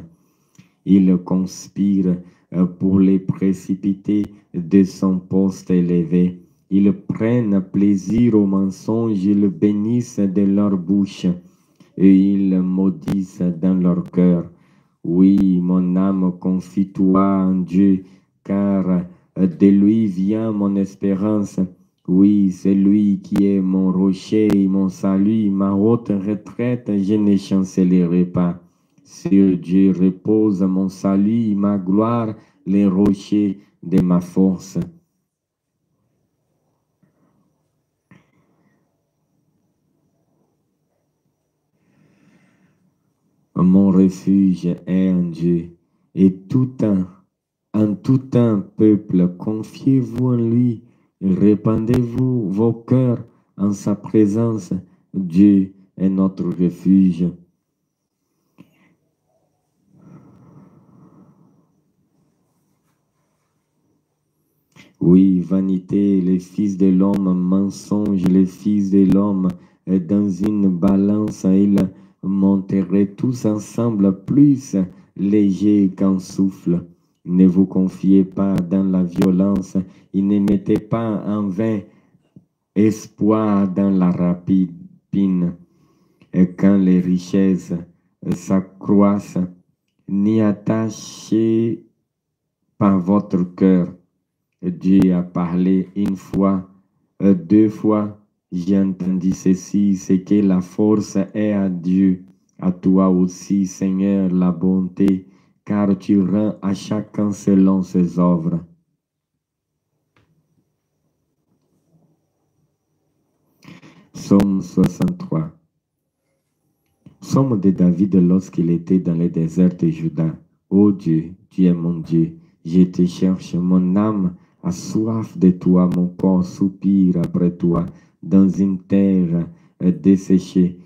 Il conspire euh, pour les précipiter de son poste élevé. Ils prennent plaisir aux mensonges, ils bénissent de leur bouche et ils maudissent dans leur cœur. Oui, mon âme confie toi en Dieu, car euh, de lui vient mon espérance. Oui, c'est lui qui est mon rocher et mon salut, ma haute retraite, je ne chancellerai pas. Sur Dieu repose mon salut, ma gloire, les rochers de ma force. Mon refuge est en Dieu et tout un, en tout un peuple, confiez-vous en lui, répandez-vous vos cœurs en sa présence. Dieu est notre refuge. Oui, vanité, les fils de l'homme, mensonge, les fils de l'homme, dans une balance, ils monteraient tous ensemble plus légers qu'un souffle. Ne vous confiez pas dans la violence, et ne mettez pas en vain espoir dans la rapide Et quand les richesses s'accroissent, n'y attachez pas votre cœur Dieu a parlé une fois, euh, deux fois. J'ai entendu ceci, c'est que la force est à Dieu. À toi aussi, Seigneur, la bonté, car tu rends à chacun selon ses œuvres. Psaume 63 Somme de David lorsqu'il était dans le désert de Juda. Ô Dieu, tu es mon Dieu, je te cherche, mon âme a soif de toi, mon corps soupire après toi, dans une terre desséchée,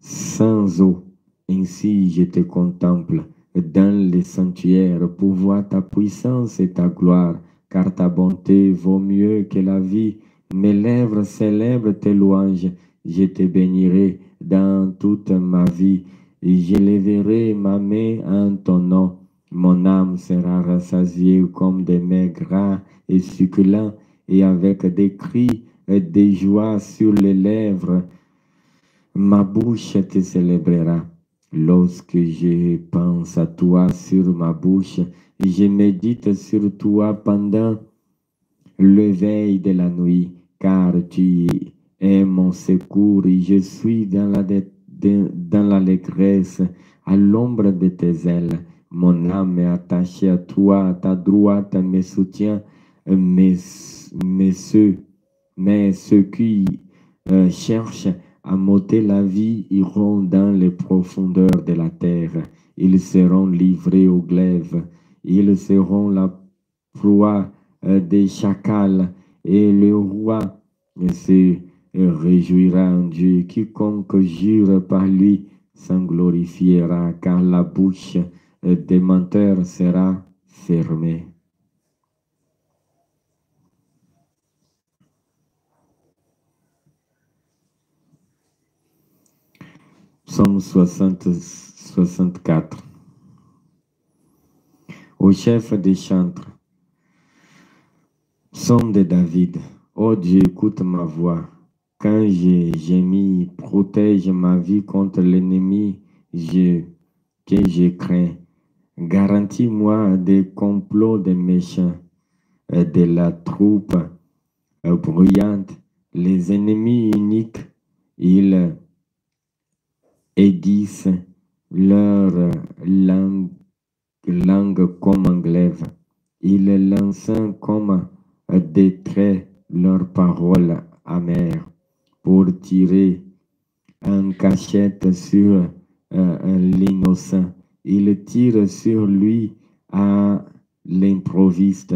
sans eau. Ainsi je te contemple dans les sanctuaires pour voir ta puissance et ta gloire, car ta bonté vaut mieux que la vie. Mes lèvres célèbrent tes louanges, je te bénirai dans toute ma vie, et je leverai ma main en ton nom. Mon âme sera rassasiée comme des mets gras et succulents, et avec des cris et des joies sur les lèvres, ma bouche te célébrera. Lorsque je pense à toi sur ma bouche, je médite sur toi pendant le veille de la nuit, car tu es mon secours et je suis dans la, dans l'allégresse, à l'ombre de tes ailes. Mon âme est attachée à toi, à ta droite, à mes soutiens, euh, mais, ceux, mais ceux qui euh, cherchent à m'ôter la vie iront dans les profondeurs de la terre. Ils seront livrés au glaive. Ils seront la proie euh, des chacals. Et le roi se réjouira en Dieu. Quiconque jure par lui s'en glorifiera, car la bouche le menteurs sera fermé. Psaume 64. Au chef des chantres, Psaume de David. Ô Dieu, écoute ma voix. Quand j'ai gémis, protège ma vie contre l'ennemi que je crains. Garantis-moi des complots des méchants, euh, de la troupe euh, bruyante, les ennemis uniques, ils édissent leur langue, langue comme glaive. Ils lancent comme des traits leurs paroles amères pour tirer un cachette sur euh, un l'innocent il tire sur lui à l'improviste.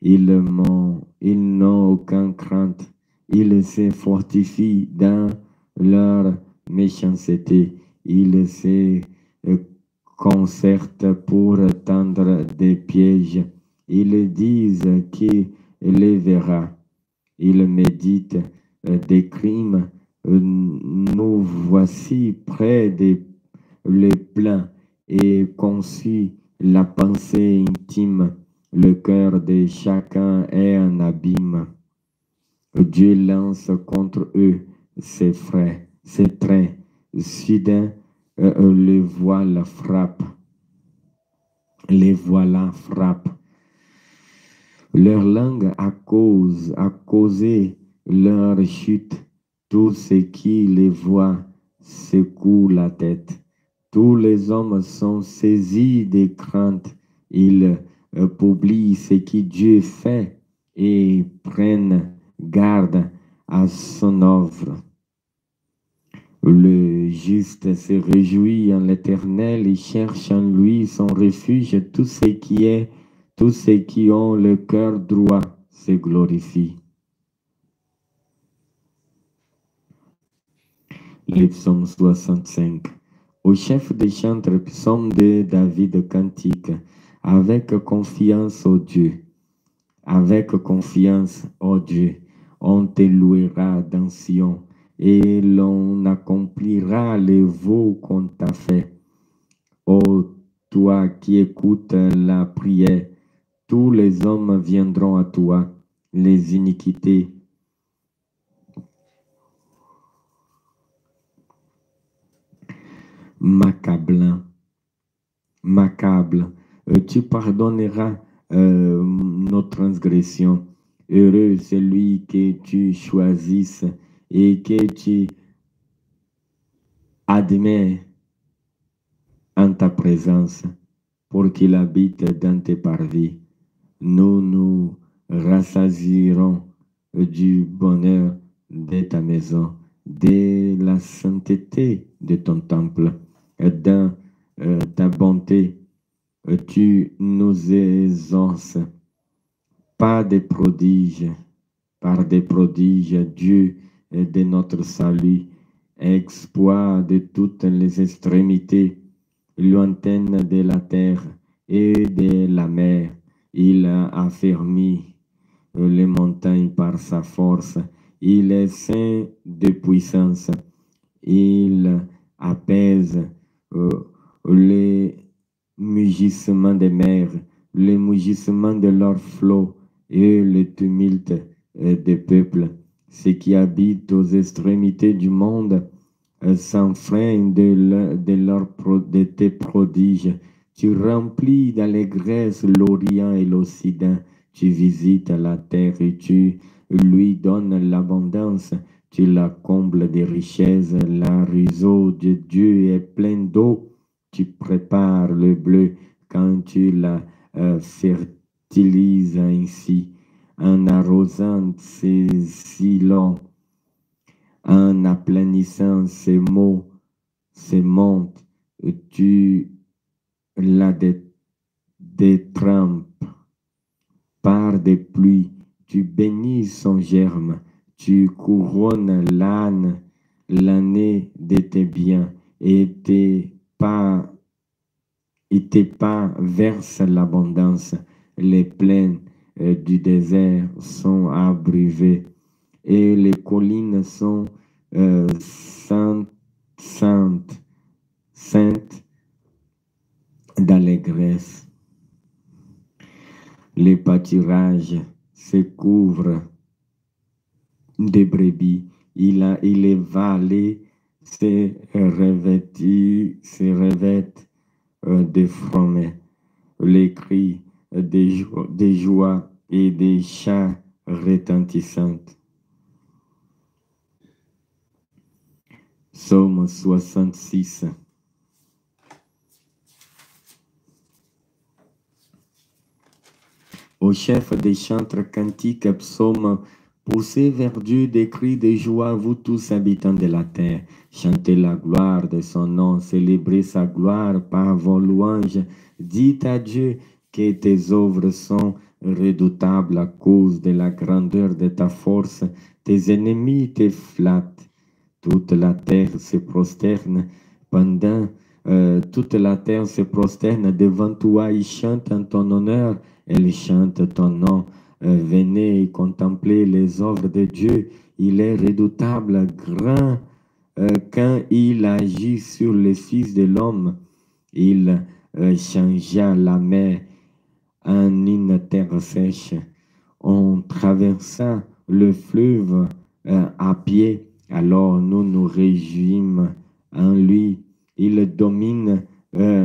Ils n'ont aucune crainte. Ils se fortifient dans leur méchanceté. Ils se concertent pour tendre des pièges. Ils disent qu'il les verra. Ils méditent des crimes. Nous voici près des les et conçu la pensée intime. Le cœur de chacun est un abîme. Dieu lance contre eux ses frais, ses traits. Soudain, euh, euh, le voile frappe. Les voilà frappe. Leur langue a cause, a causé leur chute. Tout ce qui les voit secoue la tête. Tous les hommes sont saisis des craintes. Ils euh, publient ce que Dieu fait et prennent garde à son œuvre. Le juste se réjouit en l'Éternel et cherche en lui son refuge. Tout ce qui est, tous ceux qui ont le cœur droit se glorifient. Le au chef des chantres, psaume de David cantique, avec confiance, au Dieu, avec confiance, au Dieu, on te louera dans Sion et l'on accomplira les vœux qu'on t'a faits. Ô toi qui écoutes la prière, tous les hommes viendront à toi, les iniquités m'accablant. M'accable. Euh, tu pardonneras euh, nos transgressions. Heureux celui que tu choisisses et que tu admets en ta présence pour qu'il habite dans tes parvis. Nous nous rassasirons du bonheur de ta maison, de la sainteté de ton temple dans euh, ta bonté, euh, tu nous esance pas des prodiges, par des prodiges, Dieu de notre salut, exploit de toutes les extrémités lointaines de la terre et de la mer. Il a affermi euh, les montagnes par sa force. Il est saint de puissance. Il apaise euh, les mugissements des mers, les mugissements de leurs flots et le tumulte euh, des peuples. Ceux qui habitent aux extrémités du monde euh, s'enfreignent de, de, tes prodiges. Tu remplis d'allégresse l'Orient et l'Occident. Tu visites la terre et tu lui donnes l'abondance. Tu la combles des richesses, la réseau de Dieu est plein d'eau. Tu prépares le bleu quand tu la euh, fertilises ainsi, en arrosant ses sillons, en aplanissant ses mots, ses montes, tu la détrempes par des pluies, tu bénis son germe tu couronnes l'âne l'année de tes biens et tes pas, et pas versent l'abondance. Les plaines euh, du désert sont abrivées et les collines sont euh, saintes, saintes d'allégresse. Les pâturages se couvrent des brebis. Il, a, il est valé c'est revêtit, se euh, de fromets. Les cris des, des joies et des chats rétentissants. Somme 66. Au chef des chantres cantiques, psaume Poussez vers Dieu des cris de joie, vous tous habitants de la terre. Chantez la gloire de son nom, célébrez sa gloire par vos louanges. Dites à Dieu que tes œuvres sont redoutables à cause de la grandeur de ta force. Tes ennemis te flattent. Toute la terre se prosterne pendant euh, toute la terre se prosterne devant toi et chante en ton honneur. Elle chante ton nom euh, venez contempler les œuvres de Dieu. Il est redoutable, grand, euh, quand il agit sur les fils de l'homme. Il euh, changea la mer en une terre sèche. On traversa le fleuve à pied. Alors nous nous réjouissons en lui. Il domine et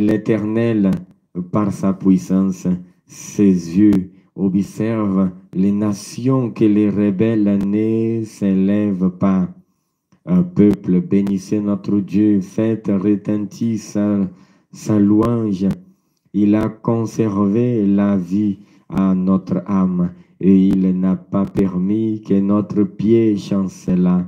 l'Éternel par sa puissance. Ses yeux Observe les nations que les rebelles ne s'élèvent pas. Un peuple, bénissez notre Dieu, faites retentir sa, louange. Il a conservé la vie à notre âme et il n'a pas permis que notre pied chancela.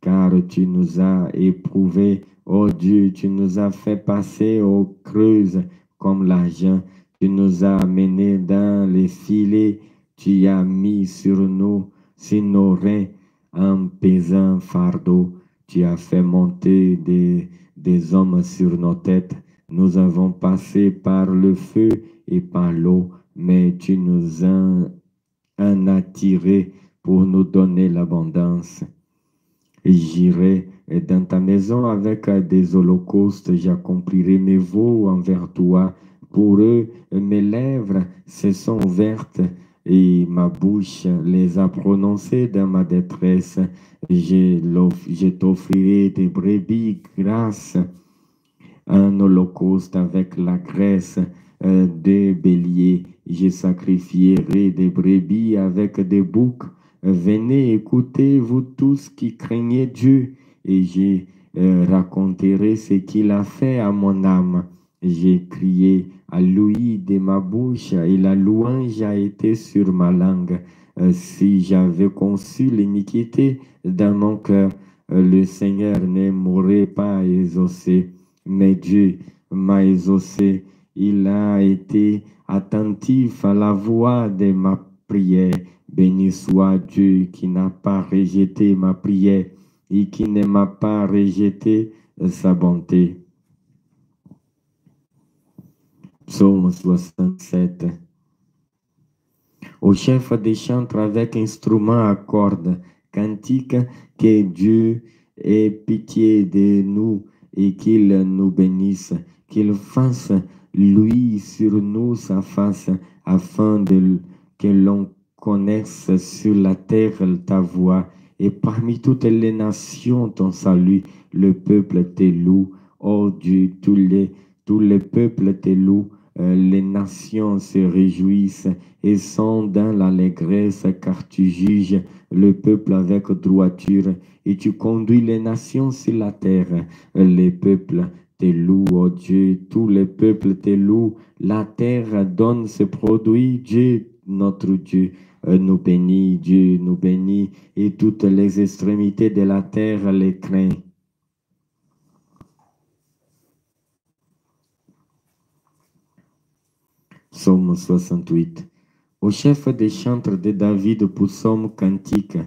car tu nous as éprouvés, ô Dieu, tu nous as fait passer aux creuses comme l'argent tu nous as amenés dans les filets, tu as mis sur nous, sur nos reins, un pesant fardeau. Tu as fait monter des, hommes sur nos têtes. Nous avons passé par le feu et par l'eau, mais tu nous en, en as pour nous donner l'abondance. J'irai dans ta maison avec des holocaustes, j'accomplirai mes vœux envers toi pour eux, mes lèvres se sont ouvertes et ma bouche les a prononcées dans ma détresse. Je, t'offrirai des brebis grâce. un holocauste avec la graisse euh, des béliers. Je sacrifierai des brebis avec des boucs. Venez écoutez, vous tous qui craignez Dieu, et je euh, raconterai ce qu'il a fait à mon âme. J'ai crié à l'ouïe de ma bouche et la louange a été sur ma langue. Euh, si j'avais conçu l'iniquité dans mon cœur, euh, le Seigneur ne m'aurait pas exaucé. Mais Dieu m'a exaucé. Il a été attentif à la voix de ma prière. Béni soit Dieu qui n'a pas rejeté ma prière et qui ne m'a pas rejeté euh, sa bonté. Psaume 67. Au chef des chantre avec instrument à corde cantique que Dieu ait pitié de nous et qu'il nous bénisse, qu'il fasse lui sur nous sa face, afin de, que l'on connaisse sur la terre ta voix, et parmi toutes les nations ton salut, le peuple te loue, ô oh Dieu, tous les, tous les peuples te louent, euh, les nations se réjouissent et sont dans l'allégresse car tu juges le peuple avec droiture et tu conduis les nations sur la terre. Les peuples te louent, oh Dieu, tous les peuples te louent. La terre donne ses produits, Dieu, notre Dieu euh, nous bénit, Dieu nous bénit, et toutes les extrémités de la terre les craignent. 68. Au chef des chantres de David pour Psaume cantique.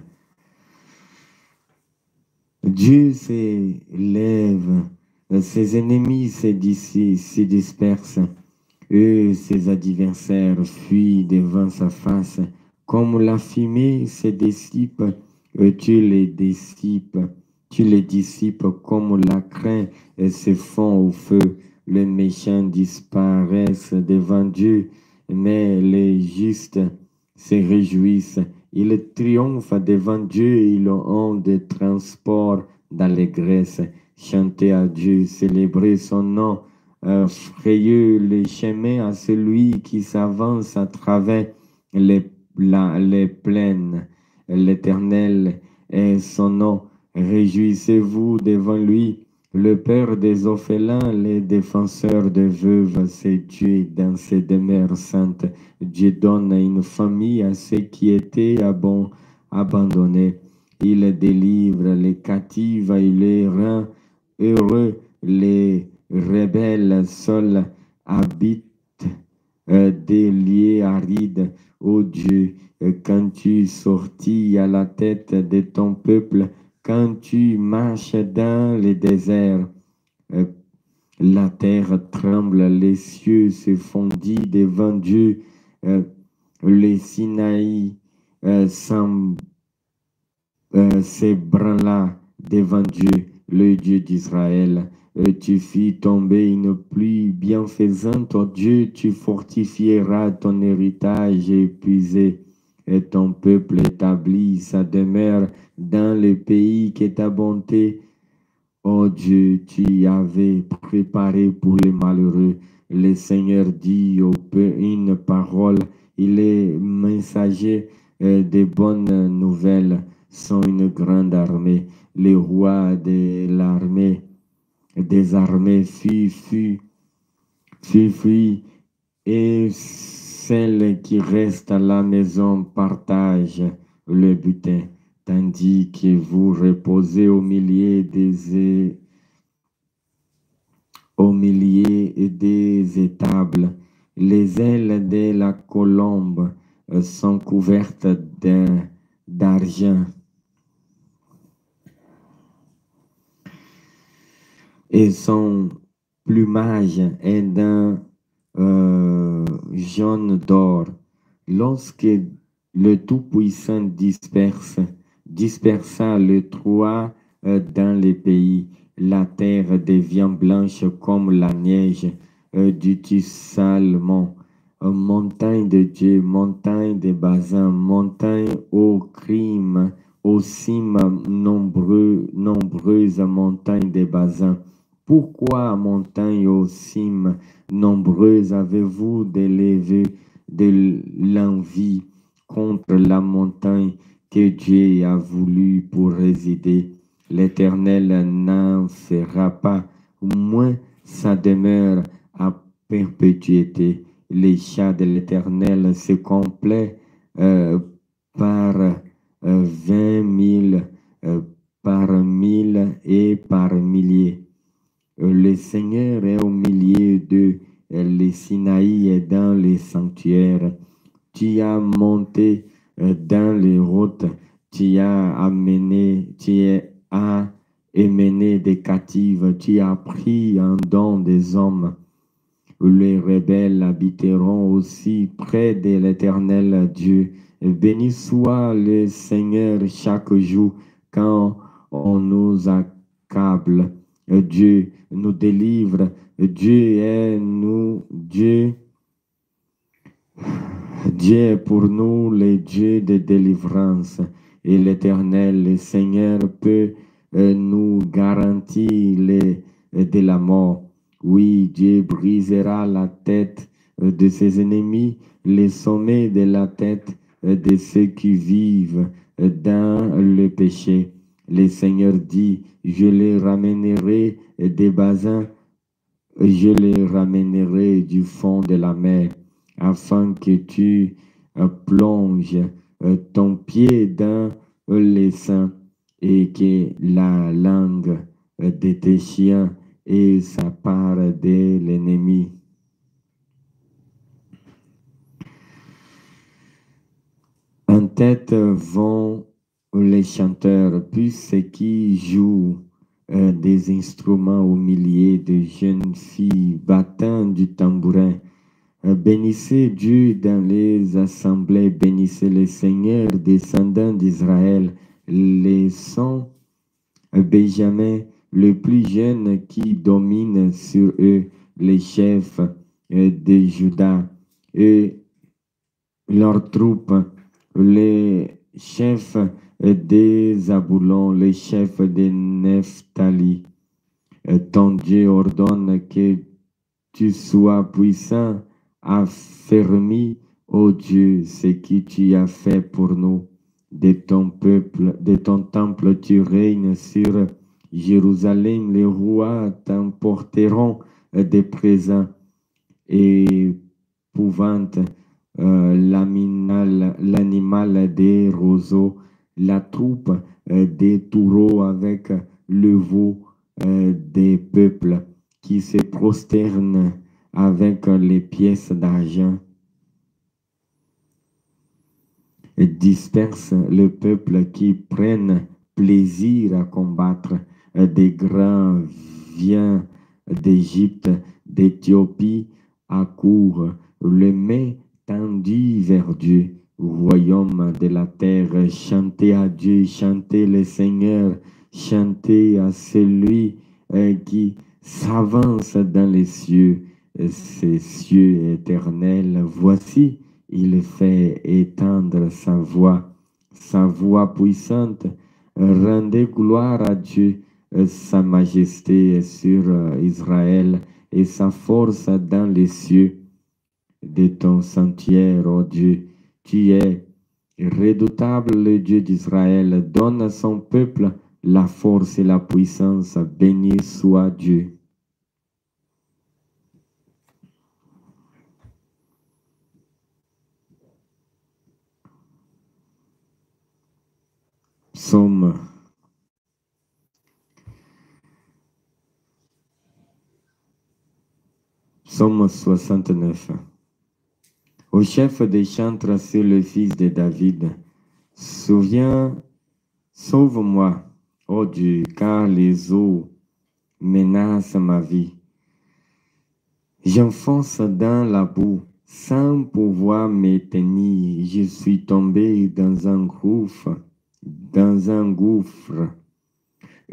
Dieu se lève, ses ennemis se, se dispersent, eux, ses adversaires fuient devant sa face. Comme la fumée se dissipe, tu les dissipes, tu les dissipes comme la crainte se fond au feu. Les méchants disparaissent devant Dieu, mais les justes se réjouissent. Ils triomphent devant Dieu, ils ont des transports d'allégresse. Chantez à Dieu, célébrez son nom, frayeux le chemin à celui qui s'avance à travers les, les plaines. L'Éternel est son nom. Réjouissez-vous devant lui le père des orphelins, les défenseurs des veuves, c'est Dieu dans ses demeures saintes. Dieu donne une famille à ceux qui étaient abandonnés. Il délivre les catives et les rend heureux. Les rebelles seuls habitent euh, des lieux arides. Ô Dieu, quand tu sortis à la tête de ton peuple, quand tu marches dans les déserts, euh, la terre tremble, les cieux se fondent devant Dieu, euh, les Sinaï euh, euh s'ébranla devant Dieu, le Dieu d'Israël. tu fis tomber une pluie bienfaisante, oh Dieu, tu fortifieras ton héritage épuisé, et ton peuple établit sa demeure dans le pays que ta bonté, oh Dieu, tu avais préparé pour les malheureux. Le Seigneur dit au une parole. Il est messager euh, des bonnes nouvelles. Sont une grande armée. Le roi de l'armée, des armées, fuit, fuit, fuit, fuit. Et celles qui restent à la maison partagent le butin tandis que vous reposez au milieu des, au milieu des étables. Les ailes de la colombe sont couvertes d'argent. Et son plumage est d'un euh, jaune d'or. Lorsque le Tout-Puissant disperse dispersa le Troie euh, dans les pays. La terre devient blanche comme la neige euh, du Salmon. Euh, montagne de Dieu, montagne de basins, montagne au crime, aux cimes nombreux, nombreuses montagnes de Bazin. Pourquoi montagne aux cimes nombreuses avez-vous de l'envie contre la montagne que Dieu a voulu pour résider. L'Éternel n'en fera pas moins sa demeure à perpétuité. Les chats de l'Éternel se complètent euh, par euh, vingt mille, euh, par mille et par milliers. Le Seigneur est au milieu de les Sinaï et dans les sanctuaires. Tu as monté dans les routes. Tu as amené, tu as émené des captives. Tu as pris un don des hommes. Les rebelles habiteront aussi près de l'éternel Dieu. Béni soit le Seigneur chaque jour quand on nous accable. Dieu nous délivre. Dieu est nous. Dieu. Dieu est pour nous le Dieu de délivrance et l'Éternel, le Seigneur, peut euh, nous garantir euh, de la mort. Oui, Dieu brisera la tête euh, de ses ennemis, les sommets de la tête de ceux qui vivent dans le péché. Le Seigneur dit, je les ramènerai des basins, je les ramènerai du fond de la mer afin que tu euh, plonges euh, ton pied dans les seins et que la langue euh, de tes chiens et sa part de l'ennemi. En tête vont les chanteurs, puis ceux qui jouent des instruments au milieu de jeunes filles battant du tambourin euh, bénissez Dieu dans les assemblées, bénissez le Seigneur, descendants d'Israël, Les sons euh, Benjamin, le plus jeune qui domine sur eux, les chefs euh, de judas et leurs troupes, les chefs des Aboulons, les chefs des Nephtali. Ton Dieu ordonne que tu sois puissant affermis, ô Dieu, ce que tu as fait pour nous. De ton peuple, de ton temple, tu règnes sur Jérusalem. Les rois t'emporteront des présents et pouvant euh, l'animal des roseaux, la troupe euh, des taureaux avec le veau euh, des peuples qui se prosternent avec euh, les pièces d'argent et disperse le peuple qui prennent plaisir à combattre euh, des grands viens d'Égypte, d'Éthiopie, à court, le mets tendu vers Dieu, royaume de la terre, chantez à Dieu, chantez le Seigneur, chantez à celui euh, qui s'avance dans les cieux ces cieux éternels. Voici, il fait étendre sa voix, sa voix puissante. Rendez gloire à Dieu, sa majesté sur Israël et sa force dans les cieux de ton sanctuaire, ô Dieu. Tu es redoutable, le Dieu d'Israël. Donne à son peuple la force et la puissance. Béni soit Dieu. sommes Somme 69 Au chef des chantres, c'est le fils de David, souviens, sauve-moi, ô oh Dieu, car les eaux menacent ma vie. J'enfonce dans la boue sans pouvoir m'éteindre, je suis tombé dans un gouffre dans un gouffre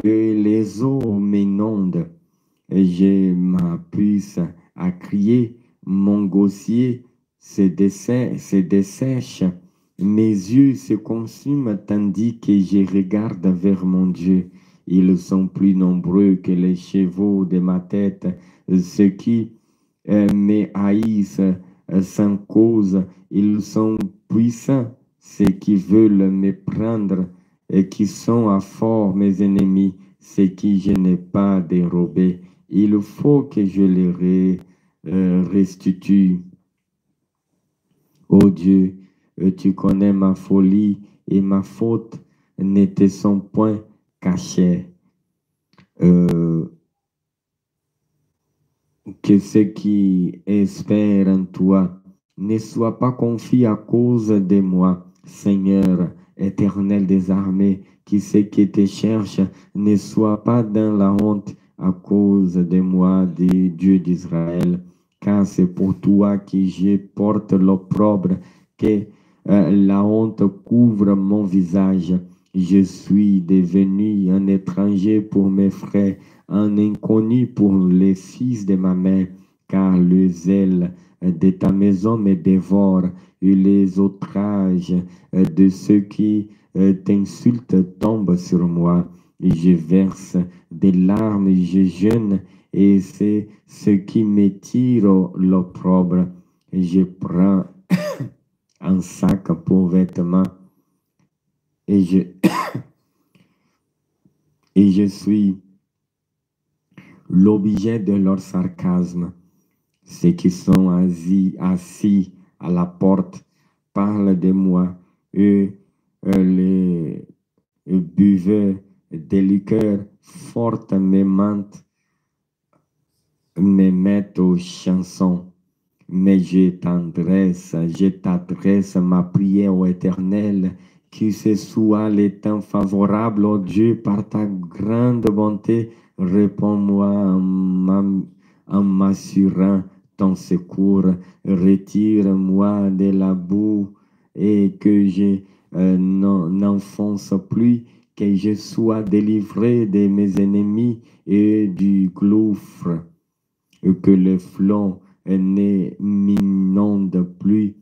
et les eaux m'inondent. Et je m'appuie à crier, mon gossier se, dessèche, mes yeux se consument tandis que je regarde vers mon Dieu. Ils sont plus nombreux que les chevaux de ma tête, ceux qui euh, me haïssent sans cause, ils sont puissants ceux qui veulent me prendre et qui sont à fort mes ennemis, ceux qui je n'ai pas dérobé. Il faut que je les euh, restitue. Ô Dieu, tu connais ma folie et ma faute n'était te point caché euh, que ceux qui espèrent en toi ne soient pas confiés à cause de moi Seigneur éternel des armées, qui sais qui te cherche, ne sois pas dans la honte à cause de moi, Dieu d'Israël, car c'est pour toi que je porte l'opprobre, que euh, la honte couvre mon visage. Je suis devenu un étranger pour mes frères, un inconnu pour les fils de ma mère, car le zèle de ta maison me dévore et les outrages euh, de ceux qui euh, t'insultent tombent sur moi. Et je verse des larmes, je jeûne, et c'est ce qui me tire l'opprobre. Je prends *coughs* un sac pour vêtements et je, *coughs* et je suis l'objet de leur sarcasme. Ceux qui sont assis, à la porte parlent de moi, eux, euh, les buveurs de liqueurs fortes me me mettent aux chansons. Mais je t'adresse, je t'adresse ma prière au Éternel, que ce soit les temps favorable, au Dieu, par ta grande bonté, réponds-moi en m'assurant secours, Retire-moi de la boue et que je euh, n'enfonce plus, que je sois délivré de mes ennemis et du gouffre, que le flanc ne m'inonde plus,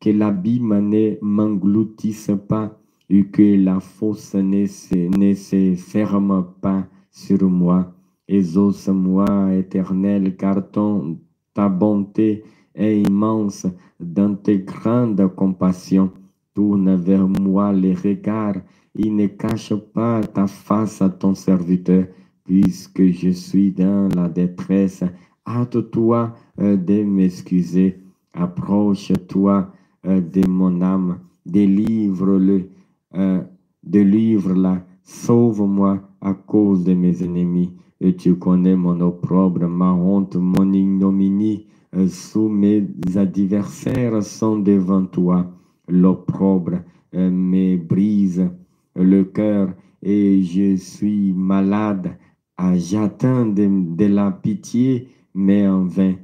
que l'abîme ne m'engloutisse pas, et que la fosse ne se, ferme pas sur moi. Exauce-moi, éternel, car ton ta bonté est immense dans tes grandes compassions. Tourne vers moi les regards et ne cache pas ta face à ton serviteur, puisque je suis dans la détresse. Hâte-toi euh, de m'excuser. Approche-toi euh, de mon âme. Délivre-le. Euh, délivre-la. Sauve-moi à cause de mes ennemis et tu connais mon opprobre, ma honte, mon ignominie. Euh, sous mes adversaires sont devant toi. L'opprobre euh, me brise le cœur et je suis malade. Ah, j'atteins de, de, la pitié, mais en vain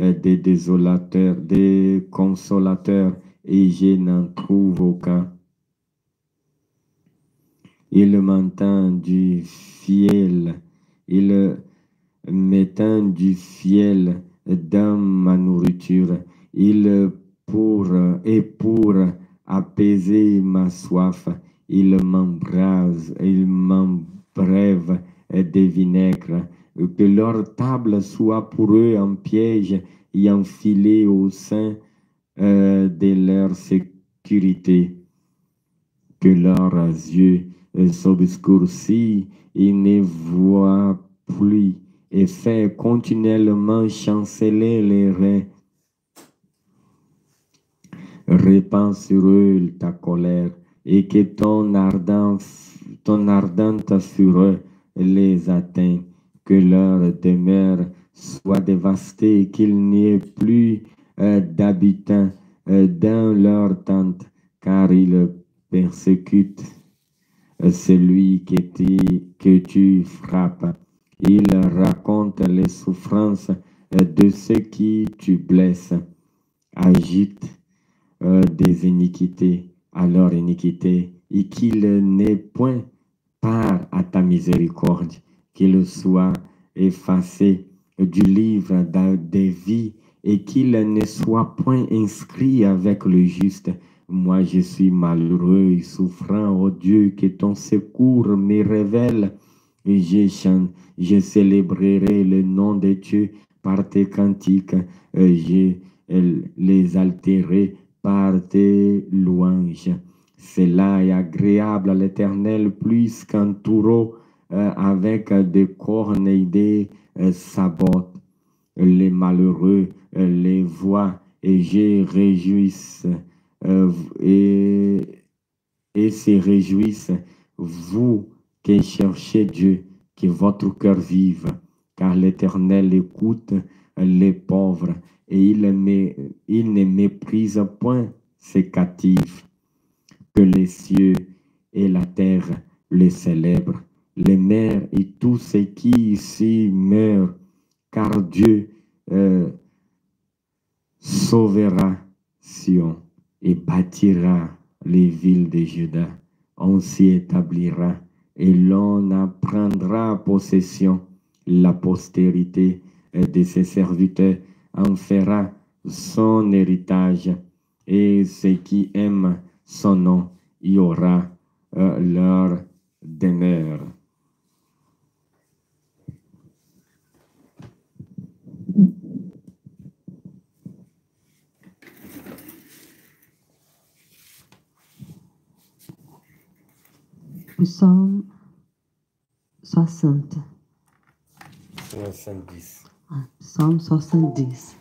euh, des désolateurs, des consolateurs, et je n'en trouve aucun. Il m'entend du fiel il m'éteint du fiel dans ma nourriture. Il pour et pour apaiser ma soif, il m'embrase, il m'embrève des vinaigres. Que leur table soit pour eux un piège et un filet au sein euh, de leur sécurité. Que leurs yeux euh, s'obscurcissent il ne voit plus et fait continuellement chanceler les reins. Répands sur eux ta colère et que ton, ardent, ton ardente fureur les atteigne, que leur demeure soit dévastée et qu'il n'y ait plus euh, d'habitants euh, dans leur tente, car ils persécutent celui que tu, frappes. Il raconte les souffrances de ceux qui tu blesses. Agite euh, des iniquités à leur iniquité et qu'il n'ait point part à ta miséricorde, qu'il soit effacé du livre des vies et qu'il ne soit point inscrit avec le juste moi, je suis malheureux et souffrant. Oh Dieu, que ton secours me révèle. je chante, je célébrerai le nom de Dieu par tes cantiques. je les altérerai par tes louanges. Cela est agréable à l'Éternel plus qu'un taureau euh, avec des cornes et des euh, sabots. Les malheureux euh, les voient et je réjouisse. Euh, et, se réjouissent, vous qui cherchez Dieu, que votre cœur vive, car l'Éternel écoute les pauvres et il, ne, méprise point ses captifs. Que les cieux et la terre les célèbrent, les mers et tous ceux qui ici meurent, car Dieu euh, sauvera Sion et bâtira les villes de Juda. On s'y établira et l'on apprendra possession. La postérité de ses serviteurs en fera son héritage et ceux qui aiment son nom y aura euh, leur demeure. Le psaume 60. 70. psaume 70.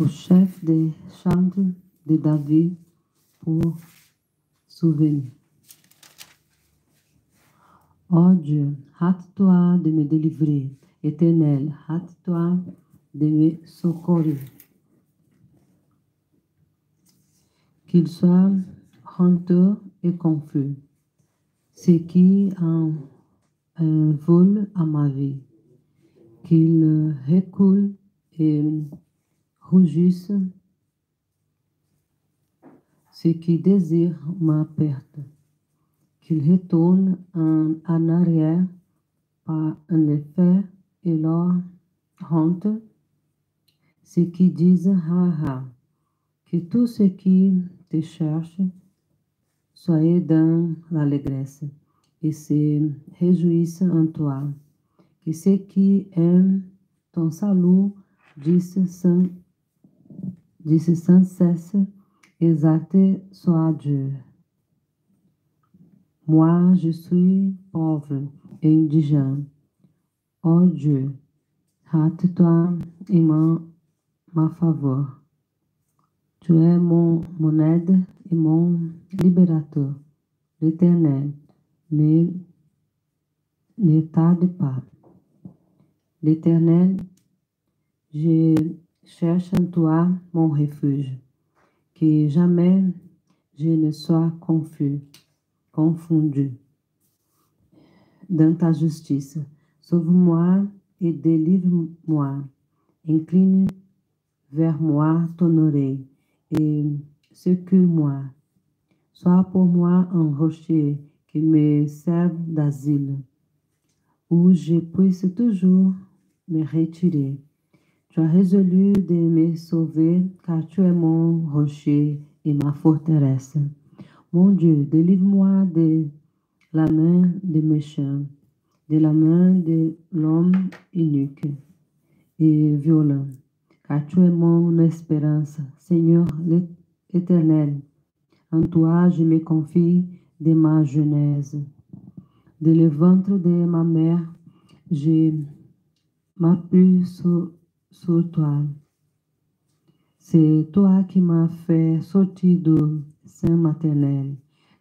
Au chef des chants de David pour souvenir. oh Dieu, hâte-toi de me délivrer. Éternel, hâte-toi de me secourir. qu'ils soient honteux et confus, ce qui en euh, vole à ma vie, qu'ils reculent et rougissent, ce qui désire ma perte, qu'ils retourne en, arrière par un effet et leur honte, ce qui disent ha ha, que tout ce qui de cherche, soyez dans l'allégresse et se réjouissent en toi. Que ceux qui aiment ton salut disse sans, disent sans cesse, exalte soit Dieu. Moi, je suis pauvre et indigent. Oh Dieu, hâte-toi et ma, ma faveur. Tu és mon, mon aide et mon libérateur. L'Éternel ne, ne tarde pas. L'Éternel, je cherche en toi mon refuge, que jamais je ne sois confus, confondu dans ta justice. Sauve-moi et délivre-moi. Incline vers moi ton oreille et ce que moi. soit pour moi un rocher qui me serve d'asile, où je puisse toujours me retirer. Tu as résolu de me sauver, car tu es mon rocher et ma forteresse. Mon Dieu, délivre-moi de la main des méchants, de la main de l'homme inique et violent. Tu es mon espérance. Seigneur éternel, en toi je me confie de ma jeunesse. De le ventre de ma mère, je m'appuie sur, toi. C'est toi qui m'as fait sortir du sein maternel.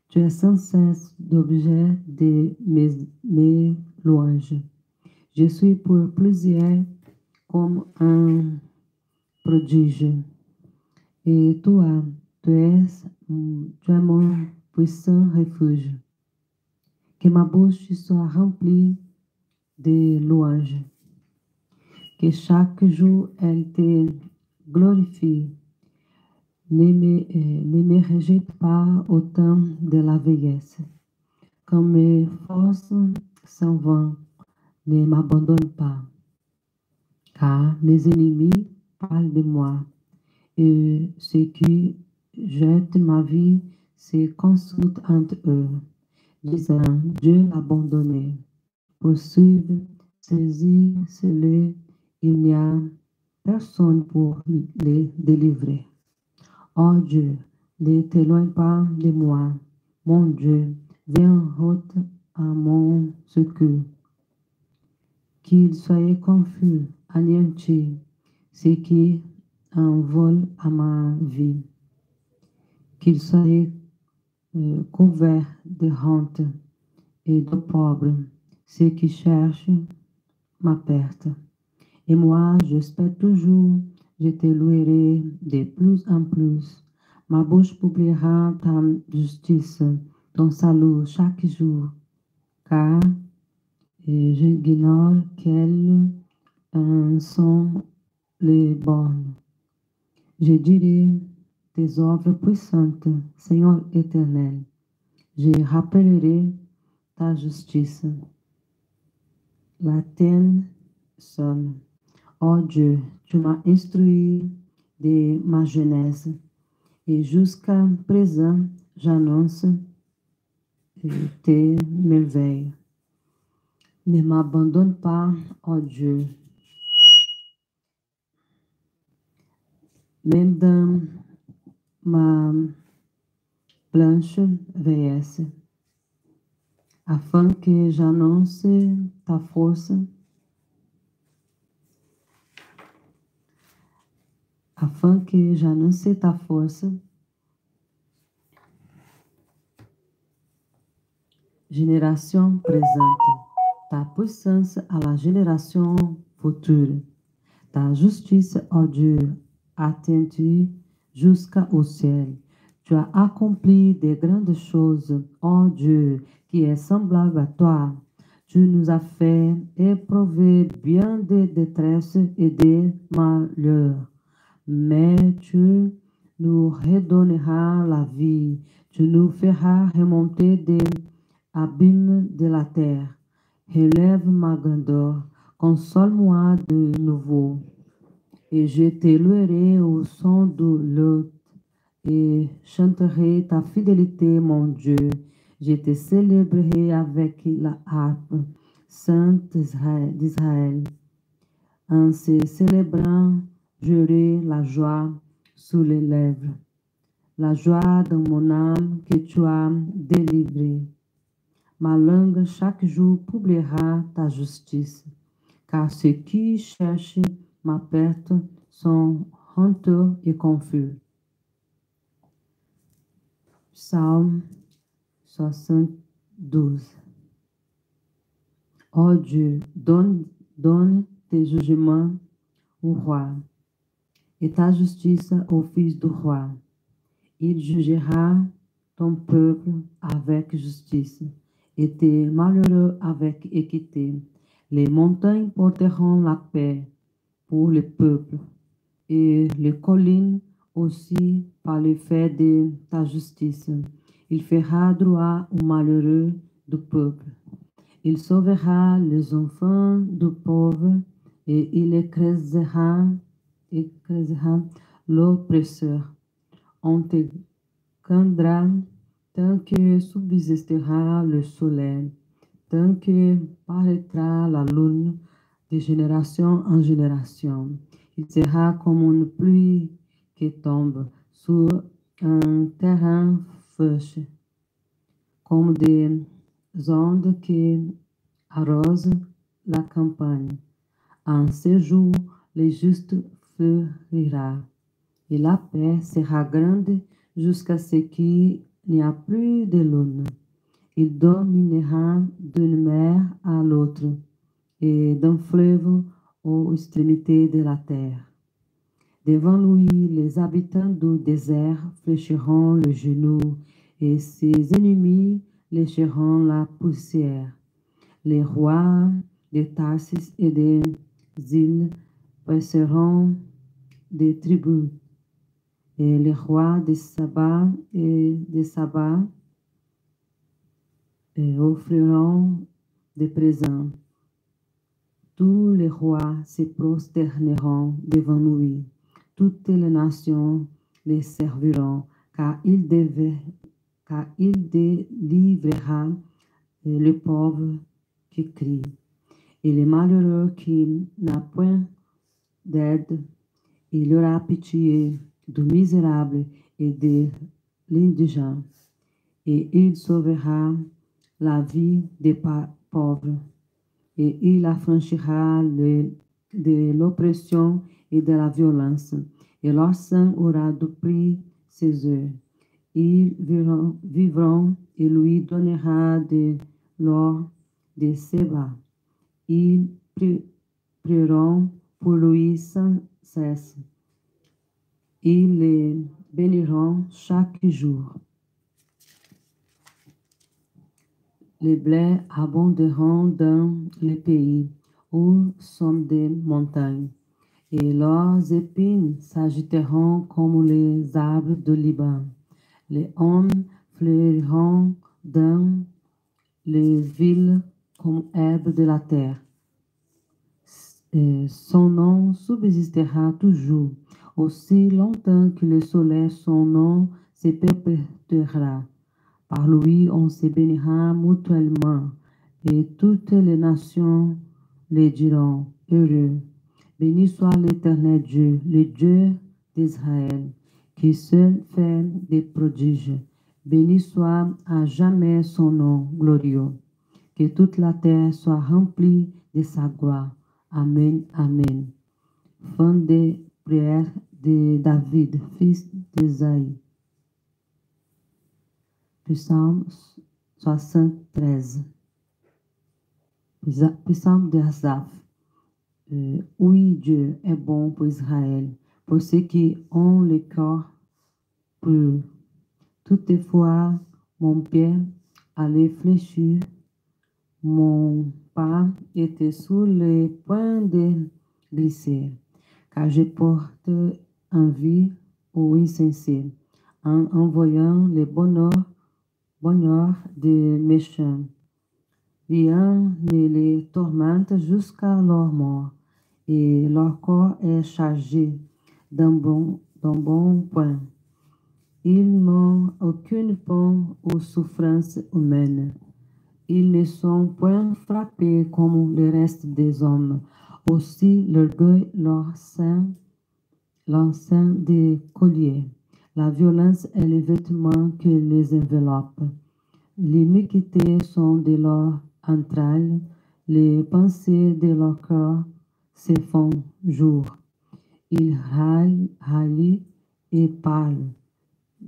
Tu es sans cesse d'objet de mes, mes louanges. Je suis pour plusieurs comme un prodige, Et toi, tu es mon puissant refuge, que ma bouche soit remplie de louanges, que chaque jour elle te glorifie. Eh, ne me, rejette pas au temps de la vieillesse, quand mes forces s'en vont, ne m'abandonne pas, car mes ennemis de moi. Et ceux qui jettent ma vie se consultent entre eux, disant Dieu l'a abandonné. Poursuivre, saisir, scellé, il n'y a personne pour les délivrer. Oh Dieu, ne t'éloigne pas de moi. Mon Dieu, viens haute à mon secours. Qu'il soit confus, anéantis, ce qui envole à ma vie. Qu'il soit euh, couvert de honte et de pauvres, ce qui cherche ma perte. Et moi, j'espère toujours, je te louerai de plus en plus. Ma bouche publiera ta justice, ton salut chaque jour, car euh, j'ignore quels euh, sont Le Bon. Je dirai tes œuvres puissantes, Senhor éternel. Je rappellerai ta justice. La tienne seule. oh Dieu, tu m'as instruit de ma jeunesse et jusqu'à présent j'annonce euh, tes merveilles. Ne m'abandonne pas, ô oh Dieu, Mendam ma planche vs, afin que j'annonce ta força, afin que j'annonce ta força, geração presente, ta puissance à la génération futura, ta tá justiça, ó Dieu, attends tu jusqu'au ciel. Tu as accompli des grandes choses, ô Dieu, qui est semblable à toi. Tu nous as fait éprouver bien des détresses et des malheurs, mais tu nous redonneras la vie, tu nous feras remonter des abîmes de la terre. Relève ma grandeur, console-moi de nouveau et je louerai au son de l'autre, et chanterai ta fidélité, mon Dieu. Je te célébrerai avec la harpe, sainte d'Israël. En se célébrant, j'aurai la joie sous les lèvres, la joie de mon âme que tu as délivrée. Ma langue chaque jour publiera ta justice, car ceux qui cherchent ma perte sont honteux et confus. Psalm 72. Ô Dieu, donne, donne tes jugements au roi et ta justice au fils du roi. Il jugera ton peuple avec justice et tes malheureux avec équité. Les montagnes porteront la paix pour le peuple, et les collines aussi par l'effet de ta justice. Il fera droit aux malheureux du peuple. Il sauvera les enfants du pauvre et il écrasera, l'oppresseur. On te tant que subsistera le soleil, tant que paraîtra la lune de génération en génération. Il sera comme une pluie qui tombe sur un terrain fauche, comme des ondes qui arrosent la campagne. En ce jour, le juste fleurira, et la paix sera grande jusqu'à ce qu'il n'y ait plus de lune. Il dominera d'une mer à l'autre et d'un fleuve aux extrémités de la terre. Devant lui, les habitants du désert fléchiront le genou et ses ennemis lécheront la poussière. Les rois de Tarsis et des îles passeront des tribus. Et les rois de Saba et de Saba offriront des présents. Tous les rois se prosterneront devant lui, toutes les nations les serviront, car il, devait, car il délivrera le pauvre qui crie, et les malheureux qui n'a point d'aide, il aura pitié du misérable et de l'indigent, et il sauvera la vie des pauvres e, il affranchira de l'oppression e de la violência; Et leur sang aura du prix ses heures. Ils vivront, e lui donnera de l'or de Seba. Ils prieront pour lui sans cesse. Ils les béniront chaque jour. les blés abonderont dans les pays où sont des montagnes, et leurs épines s'agiteront comme les arbres de Liban. Les hommes fleuriront dans les villes comme herbes de la terre. son nom subsistera toujours, aussi longtemps que le soleil, son nom se perpétuera. Par lui, on se bénira mutuellement et toutes les nations les diront heureux. Béni soit l'éternel Dieu, le Dieu d'Israël, qui seul fait des prodiges. Béni soit à jamais son nom glorieux. Que toute la terre soit remplie de sa gloire. Amen, amen. Fin des prières de David, fils d'Ésaïe du 73, psaume de euh, oui, Dieu est bon pour Israël, pour ceux qui ont le corps pur. Toutefois, mon pied allait fléchir, mon pas était sur le point de glisser, car je porte envie aux insensés en envoyant le bonheur bonheur des méchants. Rien ne les tourmente jusqu'à leur mort, et leur corps est chargé d'un bon, bon point. Ils n'ont aucune pente aux souffrances humaines. Ils ne sont point frappés comme le reste des hommes. Aussi l'orgueil leur sein, des colliers. La violence est le vêtement qui les enveloppe. L'iniquité sont de leur entrailles, les pensées de leur cœur se font jour. Ils râlent, râlent et parlent.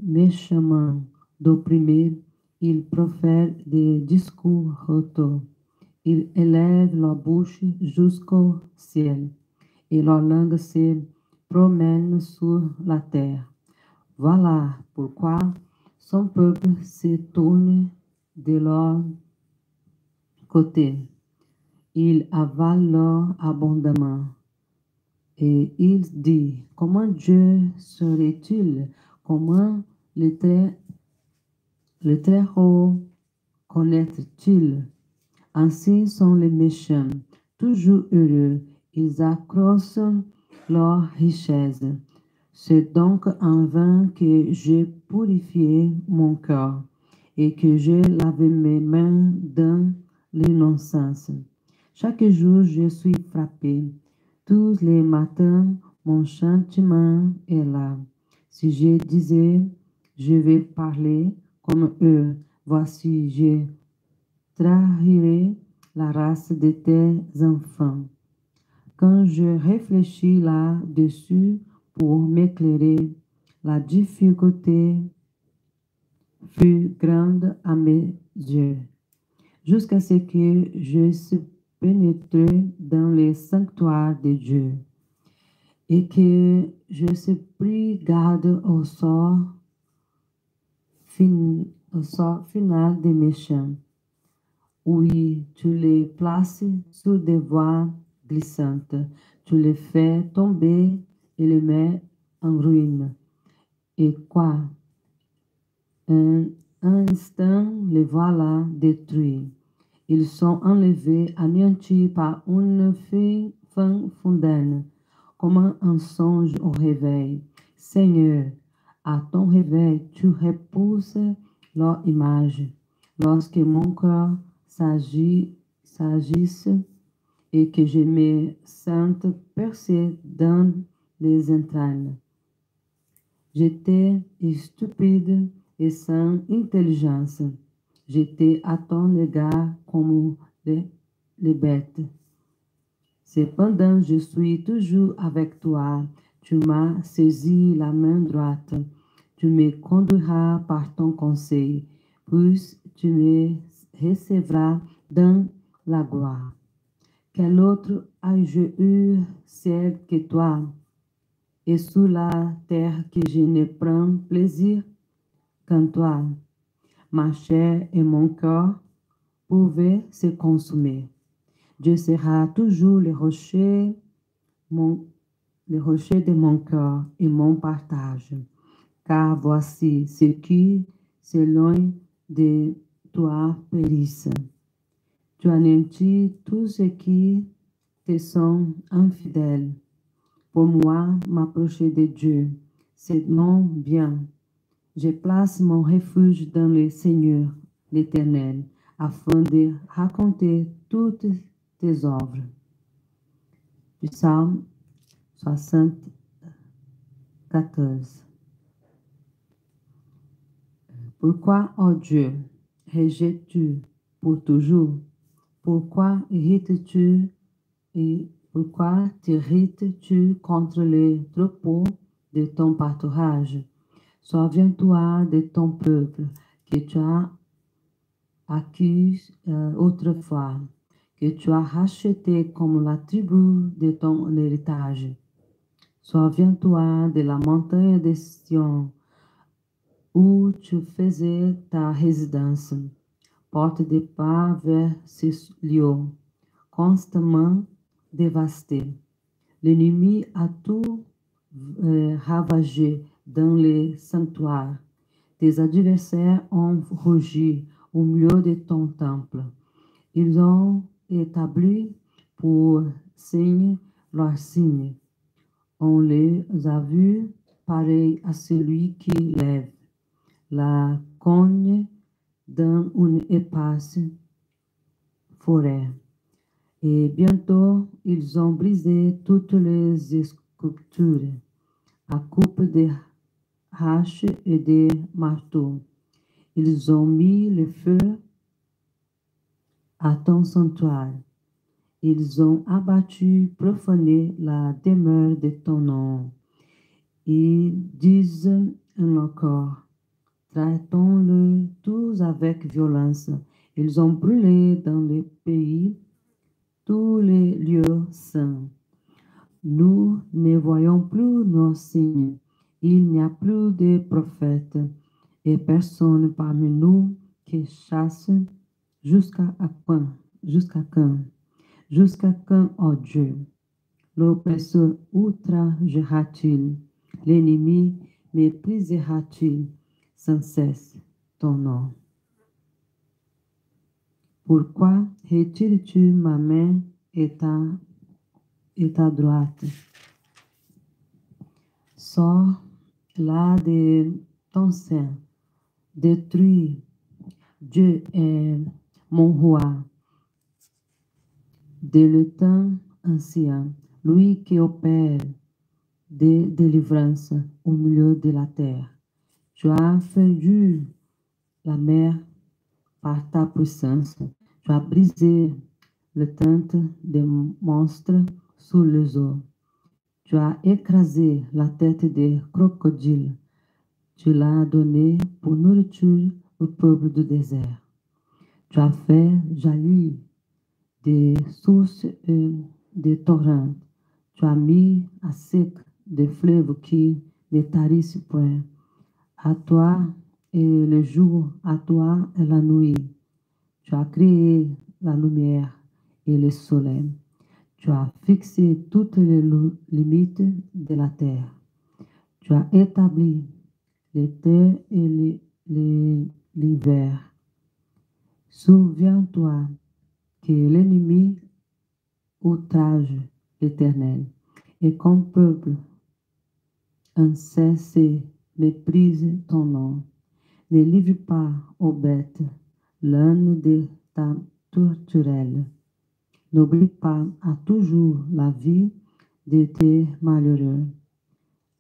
Méchamment d'opprimés, ils profèrent des discours rotos. Ils élèvent leur bouche jusqu'au ciel et leur langue se promène sur la terre. Voilà pourquoi son peuple se tourne de leur côté. Il avale leur abondamment. Et il dit, comment Dieu serait-il? Comment le très, le haut connaît-il il Ainsi sont les méchants, toujours heureux. Ils accroissent leur richesse. C'est donc en vain que j'ai purifié mon cœur et que j'ai lavé mes mains dans l'innocence. Chaque jour, je suis frappé. Tous les matins, mon chantement est là. Si je disais, je vais parler comme eux, voici, je trahirai la race de tes enfants. Quand je réfléchis là-dessus, pour m'éclairer. La difficulté fut grande à mes yeux, jusqu'à ce que je se pénétré dans le sanctuaires de Dieu et que je se pris garde au sort, fin, au sort final des méchants. Oui, tu les places sur des voies glissantes, tu les fais tomber et le met en ruine. Et quoi Un instant, les voilà détruits. Ils sont enlevés, anéantis par une fin fondaine, comme un songe au réveil. Seigneur, à ton réveil, tu repousses leur image. Lorsque mon cœur s'agisse et que je me sente percé dans des J'étais stupide et sans intelligence. J'étais à ton égard comme les, les bêtes. Cependant, je suis toujours avec toi. Tu m'as saisi la main droite. Tu me conduiras par ton conseil, puis tu me recevras dans la gloire. Quel autre ai-je eu, celle que toi? et sous la terre que je ne prends plaisir qu'en toi. Ma chair et mon corps pouvaient se consumer. Dieu sera toujours le rocher, le rocher de mon cœur et mon partage. Car voici ce qui, s'éloigne de toi, périssent. Tu anéantis tous ceux qui te sont infidèles pour moi m'approcher de Dieu. C'est non bien. Je place mon refuge dans le Seigneur, l'Éternel, afin de raconter toutes tes œuvres. Du psaume 74. Pourquoi, ô oh Dieu, rejettes-tu pour toujours? Pourquoi irrites-tu et pourquoi t'irrites-tu contre les troupeaux de ton pâturage? Souviens-toi de ton peuple que tu as acquis euh, autrefois, que tu as racheté comme la tribu de ton héritage. Souviens-toi de la montagne de Sion, où tu faisais ta résidence. Porte de pas vers ce lieu, constamment dévasté. L'ennemi a tout euh, ravagé dans les sanctuaires. Tes adversaires ont rougi au milieu de ton temple. Ils ont établi pour signe leur signe. On les a vus pareils à celui qui lève la cogne dans une épaisse forêt. Et bientôt, ils ont brisé toutes les sculptures à coupe de haches et de marteaux. Ils ont mis le feu à ton sanctuaire. Ils ont abattu, profané la demeure de ton nom. Ils disent encore, traitons-le tous avec violence. Ils ont brûlé dans le pays tous les lieux saints. Nous ne voyons plus nos signes. Il n'y a plus de prophètes et personne parmi nous qui chasse jusqu'à quand, jusqu'à quand, jusqu'à quand, oh Dieu, l'oppresseur outragera-t-il, l'ennemi méprisera-t-il sans cesse ton nom. Pourquoi retires-tu ma main et ta, droite Sors là de ton sein, détruis, Dieu est mon roi. Dès le temps ancien, lui qui opère des délivrances au milieu de la terre. Tu as fendu la mer par por puissance. Tu as brisé les tentes des monstres sous les eaux. Tu as écrasé la tête de crocodiles. Tu l'as donné pour nourriture au peuple du désert. de as fait jaillir de sources et des torrents. Tu as mis à sec de fleuves qui ne tarissent point. À toi et le jour à toi et la nuit. Tu as créé la lumière et le soleil. Tu as fixé toutes les limites de la terre. Tu as établi l'été et l'hiver. Souviens-toi que l'ennemi outrage l'éternel et qu'un peuple incessé méprise ton nom. Ne livre pas aux bêtes l'âne de ta torturelle. N'oublie pas à toujours la vie de tes malheureux.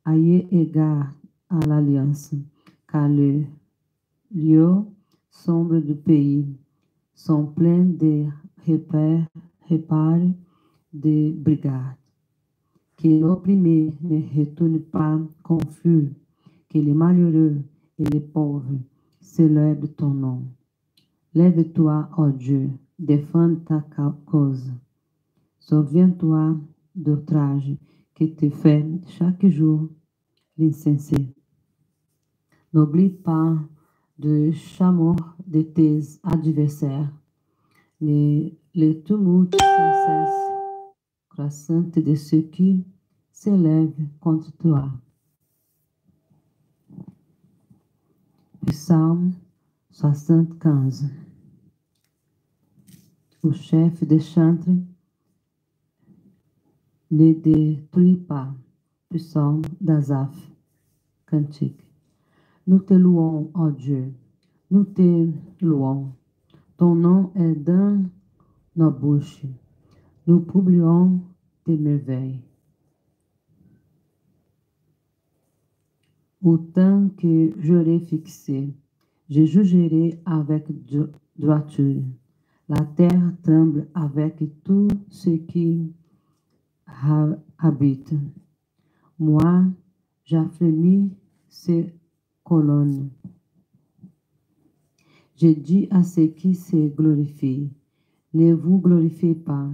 Ayez égard à l'alliance, car les lieux sombres du pays sont pleins de repères, repères de brigades. Que l'opprimé ne retourne pas confus, que les malheureux et les pauvres célèbrent de ton nom. Lève-toi, ô oh Dieu, défends ta cause. Souviens-toi d'outrage que te fait chaque jour l'insensé. N'oublie pas de chameau de tes adversaires. Les, les tumultes sans cesse de ceux qui s'élèvent contre toi. do Salmo 75. O chefe de chantre lhe de Tulipá, do d'Azaf, Cantique. Nous te louons, ó oh Dieu, nous te louons. Ton nom est dans nos bouches. Nous publions tes merveilles. au temps que j'aurai fixé. Je jugerai avec droiture. La terre tremble avec tout ce qui habite. Moi, j'affermis ces colonnes. Je dis à ceux qui se glorifient, ne vous glorifiez pas.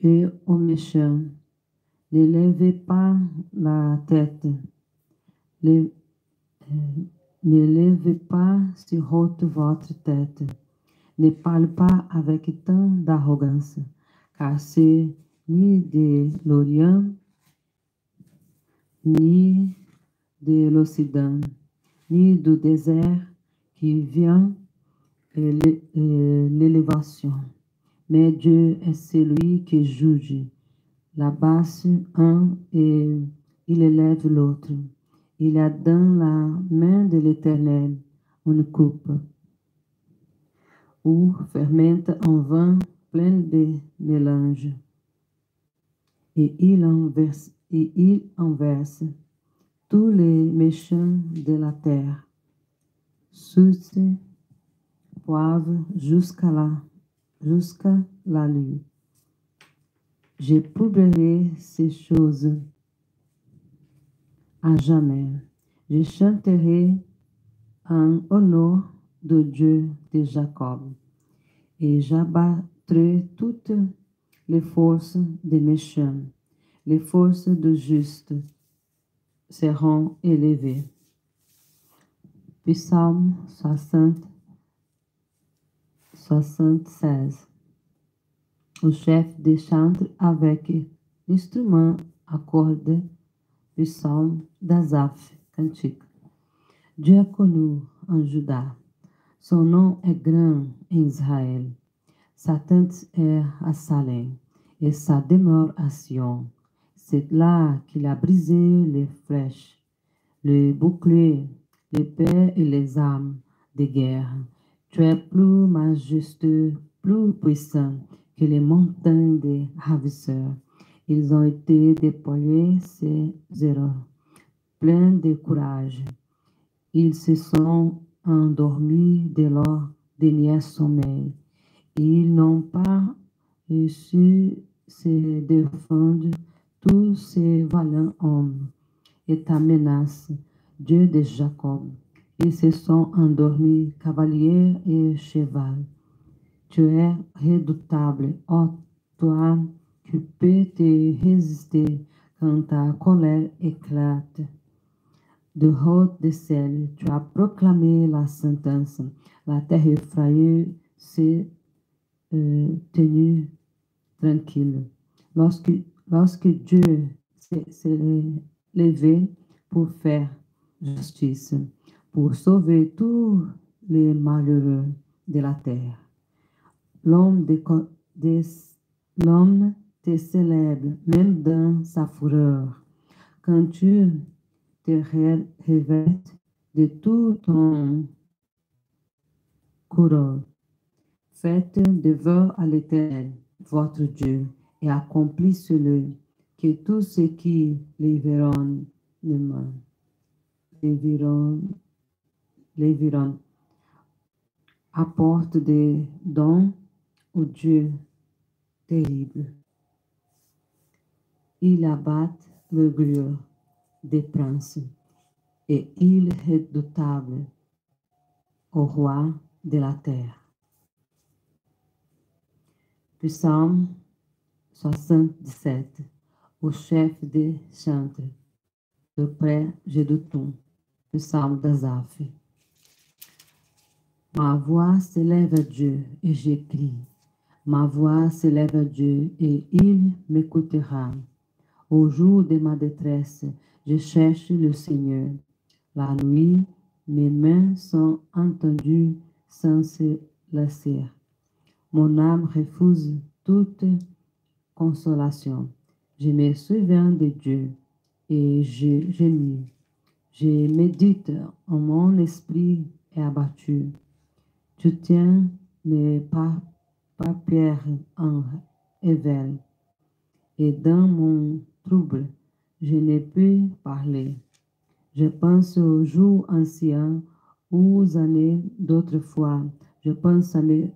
Et aux méchants, ne levez pas la tête. Eh, ne levez pas sur haute votre tête, ne parle pas avec tant d'arrogance, car ce ni de l'Orient, ni de l'Occident, ni du désert qui vient l'élévation. Mais Dieu est celui qui juge la basse un et il élève l'autre. Il a dans la main de l'Éternel une coupe ou fermente un vin plein de mélange. Et il en verse, et il en tous les méchants de la terre. sous poivre jusqu'à la, jusqu'à la lune. Je publierai ces choses à jamais. Je chanterai en honneur de Dieu de Jacob et j'abattrai toutes les forces des méchants. Les forces de juste seront élevées. Psaume 60, 76. Le chef des chantres avec l'instrument à du psaume d'Azaph, cantique. Dieu a connu en Judas. son nom est grand en Israël. Sa tente est à Salem et sa demeure à Sion. C'est là qu'il a brisé les flèches, les boucliers, les pères et les armes de guerre. Tu es plus majestueux, plus puissant que les montagnes des ravisseurs. Ils ont été déployés ces erreurs, pleins de courage. Ils se sont endormis dès leur dernier sommeil. Ils n'ont pas su se défendre tous ces valants hommes et ta menace, Dieu de Jacob. Ils se sont endormis, cavaliers et cheval. Tu es redoutable, ô oh, toi, peux te résister quand ta colère éclate. De haut des cieux, tu as proclamé la sentence. La terre effrayée s'est euh, tenue tranquille. Lorsque, lorsque Dieu s'est levé pour faire justice, pour sauver tous les malheureux de la terre, l'homme l'homme te célèbre même dans sa fureur. Quand tu te revêtes de tout ton couronne, faites des vœux à l'Éternel, votre Dieu, et accomplissez-le, que tous ceux qui les verront les les des dons au Dieu terrible. Il abat le l'orgueil des princes et il redoutable au roi de la terre. Psalm 77, au chef des chantres, de près ton psalm d'Azaf. Ma voix s'élève à Dieu et j'écris. Ma voix s'élève à Dieu et il m'écoutera. Au jour de ma détresse, je cherche le Seigneur. La nuit, mes mains sont entendues sans se lasser. Mon âme refuse toute consolation. Je me souviens de Dieu et je gémis. Je médite en mon esprit est abattu. Tu tiens mes papiers en éveil et dans mon trouble. Je ne peux parler. Je pense aux jours anciens, aux années d'autrefois. Je pense à mes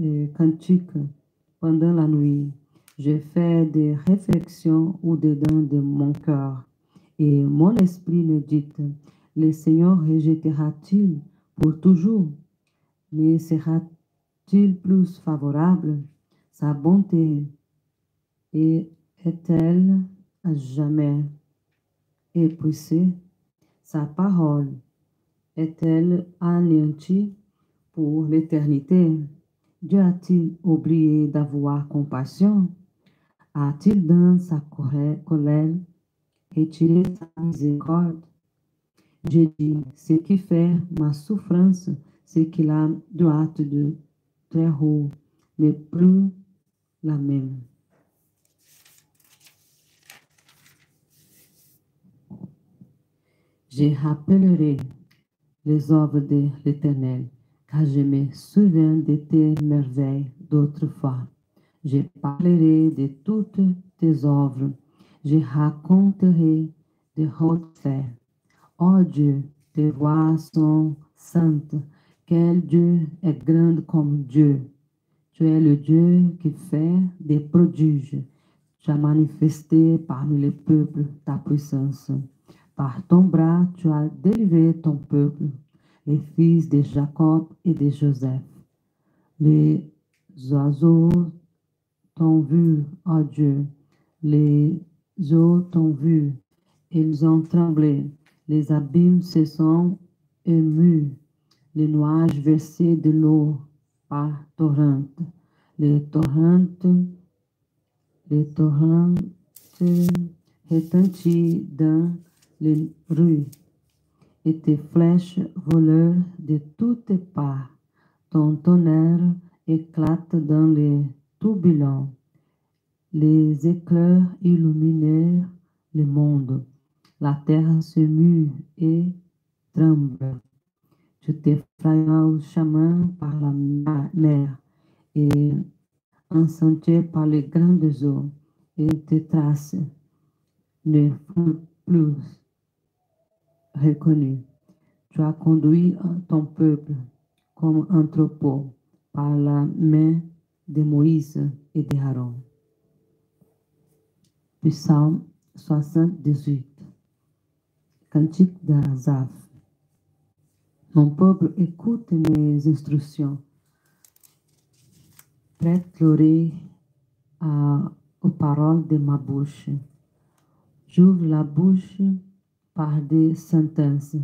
euh, cantiques pendant la nuit. Je fais des réflexions au-dedans de mon cœur. Et mon esprit me dit, le Seigneur rejetera-t-il pour toujours Mais sera-t-il plus favorable Sa bonté est-elle à jamais épuisé. sa parole est-elle anéantie pour l'éternité? Dieu a-t-il oublié d'avoir compassion? A-t-il dans sa colère retiré sa miséricorde? J'ai dit, ce qui fait ma souffrance, c'est que la droite de très haut n'est plus la même. Je rappellerai les œuvres de l'Éternel, car je me souviens de tes merveilles d'autrefois. Je parlerai de toutes tes œuvres. Je raconterai de hautes Oh Dieu, tes voix sont saintes. Quel Dieu est grand comme Dieu. Tu es le Dieu qui fait des prodiges. Tu as manifesté parmi les peuples ta puissance. Par ton bras, tu as délivré ton peuple, les fils de Jacob et de Joseph. Les oiseaux t'ont vu, oh Dieu. Les eaux t'ont vu. Ils ont tremblé. Les abîmes se sont émus. Les nuages versaient de l'eau par torrent. Les torrents, les torrents retentissent. d'un les rues, et tes flèches voleurs de toutes parts. Ton tonnerre éclate dans les tourbillons. Les éclairs illuminèrent le monde. La terre se mue et tremble. Je t'effrayas au chemin par la mer et sentier par les grandes eaux et tes traces ne font plus reconnu. Tu as conduit ton peuple comme entrepôt par la main de Moïse et de Aaron. Psaume 78 Cantique d'Azaph Mon peuple écoute mes instructions. Prête l'oreille aux paroles de ma bouche. J'ouvre la bouche par des sentences.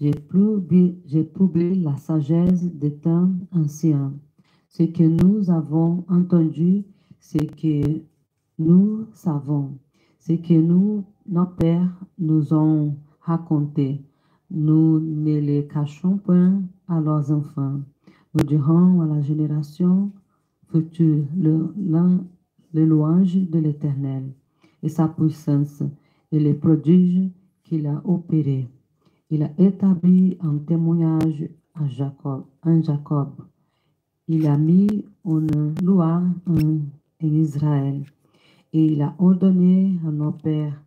j'ai publié la sagesse des temps anciens. Ce que nous avons entendu, ce que nous savons, ce que nos pères nous ont raconté, nous ne les cachons point à leurs enfants. Nous dirons à la génération future le, le louange de l'Éternel et sa puissance et les prodiges qu'il a opéré. Il a établi un témoignage à Jacob, en Jacob. Il a mis une loi en, Israël. Et il a ordonné à nos pères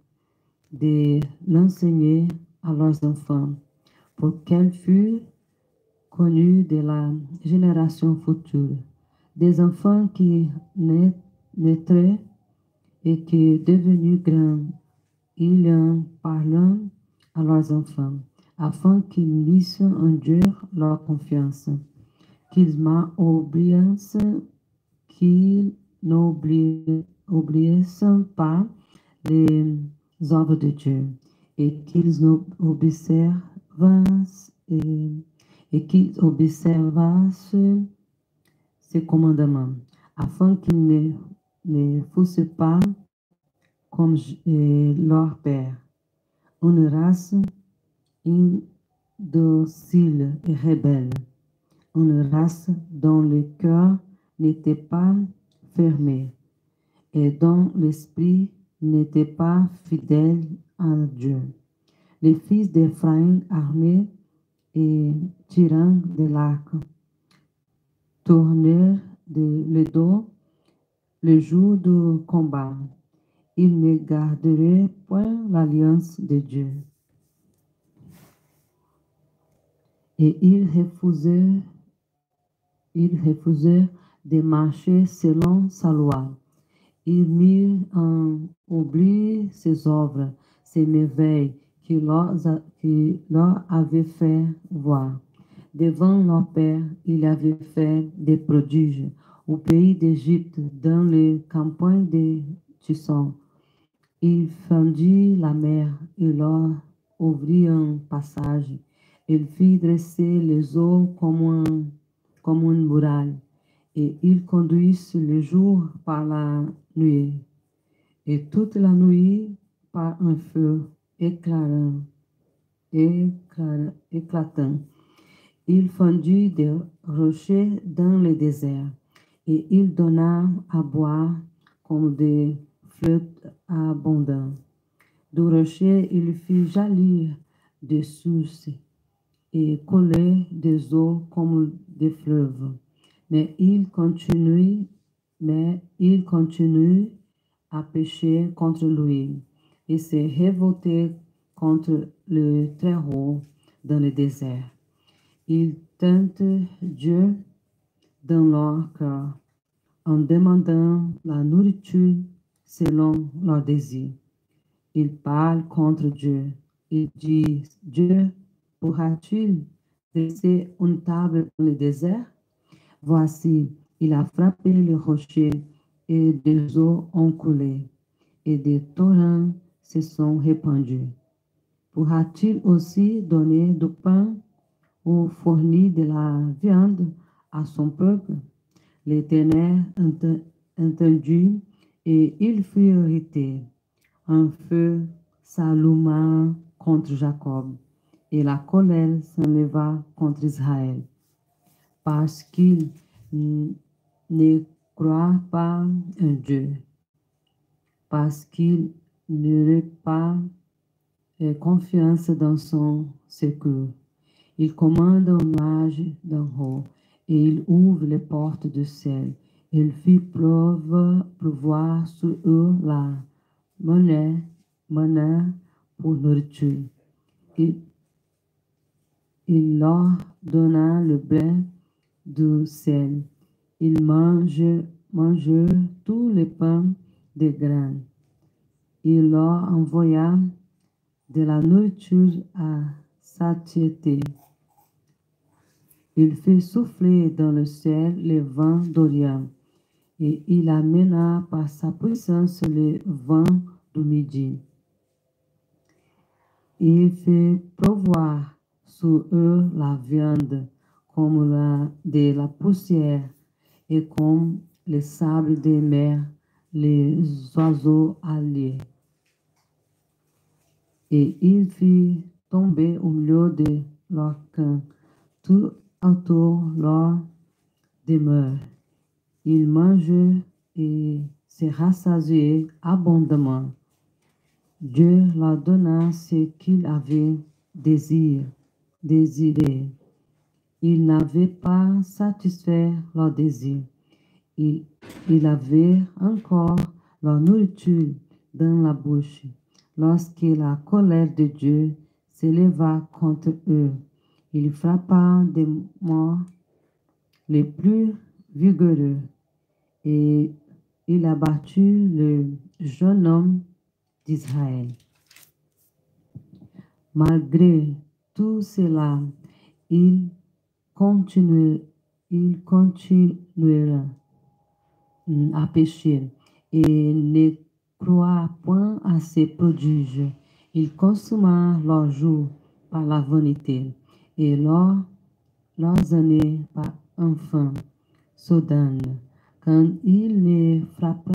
de l'enseigner à leurs enfants pour qu'elle fût connue de la génération future. Des enfants qui naîtraient et qui devenus grands Il en parlant à leurs enfants, afin qu'ils missent en Dieu leur confiance, qu'ils m'oublient, qu'ils n'oublient pas les œuvres de Dieu, et qu'ils observent et, et qu'ils observent ses commandements, afin qu'ils ne, ne fussent pas comme euh, leur père, une race indocile et rebelle, une race dont le cœur n'était pas fermé et dont l'esprit n'était pas fidèle à Dieu. Les fils d'Éphraïm armés et tirant de l'arc tournèrent le dos le jour du combat ils ne garderaient point l'alliance de Dieu. Et ils refusait, de marcher selon sa loi. Ils mirent en oubli ses œuvres, ses merveilles qui leur, avait fait voir. Devant leur père, il avait fait des prodiges au pays d'Égypte, dans les campagnes de Tisson. Il fendit la mer et l'or ouvrit un passage. Il fit dresser les eaux comme, un, comme une muraille. Et il conduisit le jour par la nuit. Et toute la nuit par un feu éclatant. Il fendit des rochers dans le désert. Et il donna à boire comme des abondant. Du rocher, il fit jaillir des sources et coller des eaux comme des fleuves. Mais il continue, mais il continue à pêcher contre lui et s'est révolté contre le très haut dans le désert. Il tente Dieu dans leur cœur en demandant la nourriture selon leur désir. Ils parlent contre Dieu. et disent, Dieu, pourra-t-il laisser une table dans le désert? Voici, il a frappé le rocher et des eaux ont coulé et des torrents se sont répandus. Pourra-t-il aussi donner du pain ou fournir de la viande à son peuple? les L'Éternel entendit et il fut irrité. Un feu s'alluma contre Jacob, et la colère s'enleva contre Israël, parce qu'il ne croit pas en Dieu, parce qu'il n'aurait pas confiance dans son secours. Il commande un mage d'en haut, et il ouvre les portes du ciel il fit preuve pour voir sur eux la monnaie, pour nourriture. il leur donna le blé du ciel. Ils mangent, tous les pains des grains. Il leur envoya de la nourriture à satiété. Il fit souffler dans le ciel les vents d'Orient et il amena par sa puissance le vent du midi. Il fit pleuvoir sur eux la viande comme la, de la poussière et comme le sable des mers, les oiseaux alliés. Et il fit tomber au milieu de leur camp tout autour leur demeure. Il mange et se rassasiait abondamment. Dieu leur donna ce qu'ils avaient désiré. Il n'avait pas satisfait leur désir. Il, avaient avait encore leur nourriture dans la bouche lorsque la colère de Dieu s'éleva contre eux. Il frappa des morts les plus vigoureux et il a battu le jeune homme d'Israël. Malgré tout cela, il continue, il continuera à pécher et ne croit point à ses prodiges. Il consuma leurs jours par la vanité et leurs, leurs années par enfin Soudain. Quand il les frappe,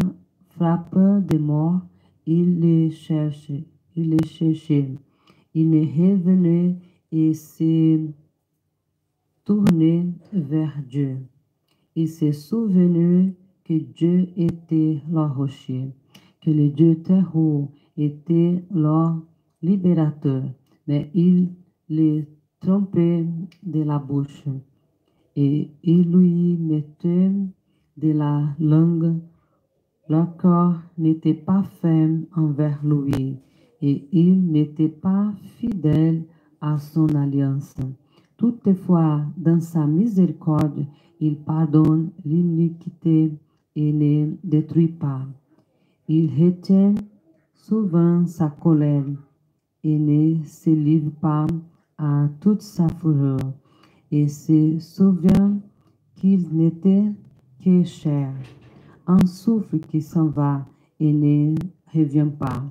frappe de mort, il les cherche, il les cherchait. Il est revenu et s'est tourné vers Dieu. Il s'est souvenu que Dieu était leur rocher, que le Dieu terreau était leur libérateur, mais il les trompait de la bouche et il lui mettait de la langue, leur corps n'était pas ferme envers lui et il n'était pas fidèle à son alliance. Toutefois, dans sa miséricorde, il pardonne l'iniquité et ne détruit pas. Il retient souvent sa colère et ne se livre pas à toute sa fureur et se souvient qu'il n'était cher, un souffle qui s'en va et ne revient pas,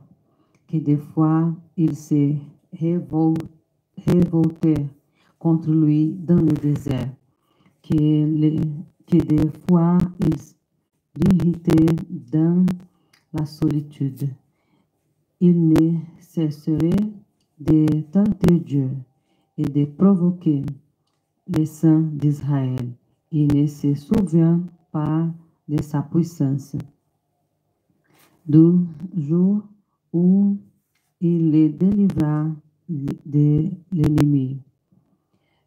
que des fois il se révolté contre lui dans le désert, que, des fois il l'irritait dans la solitude. Il ne cesserait de tenter Dieu et de provoquer les saints d'Israël. Il ne se souvient par de sa puissance. Du jour où il les délivra de l'ennemi,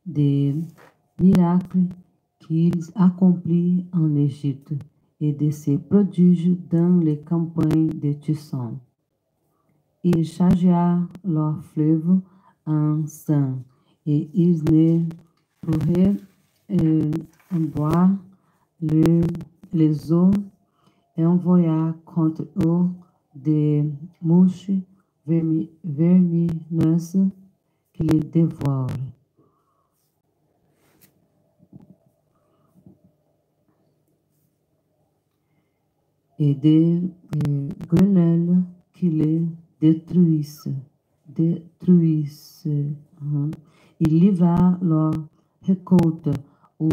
des miracles qu'il accomplit en Égypte et de ses prodiges dans les campagnes de Tusson. Il chargea leur fleuve en sang et ils ne pourraient euh, en boire les eaux et contre eux des mouches vermineuses qui les dévorent. Et des, euh, grenelles qui les détruisent. détruisent. Hein. Il livra leur récolte au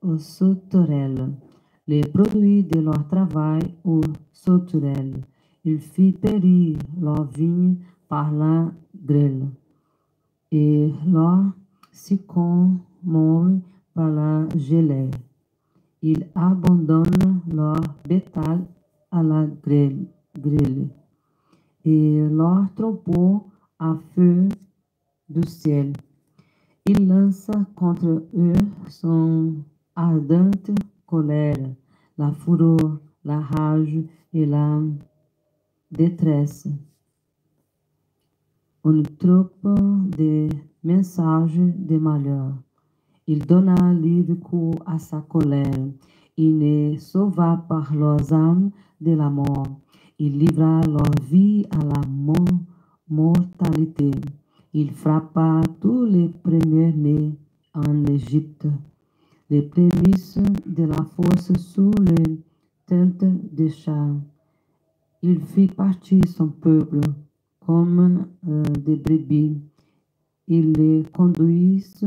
au Sauterelle. Les produits de leur travail au sauterelles. Il fit périr leur vigne par la grêle et sicon mort par la gelée. Ils abandonnent leur bétail à la grêle, et leur troupeau à feu du ciel. Il lança contre eux son ardente colère, la fureur, la rage et la détresse. Une troupe de messages de malheur. Il donna livre cours à sa colère. Il ne sauva par leurs âmes de la mort. Il livra leur vie à la mortalité. Il frappa tous les premiers-nés en Égypte les prémices de la force sous les tente des chars. Il fit partir son peuple comme euh, des brebis. Il les conduisit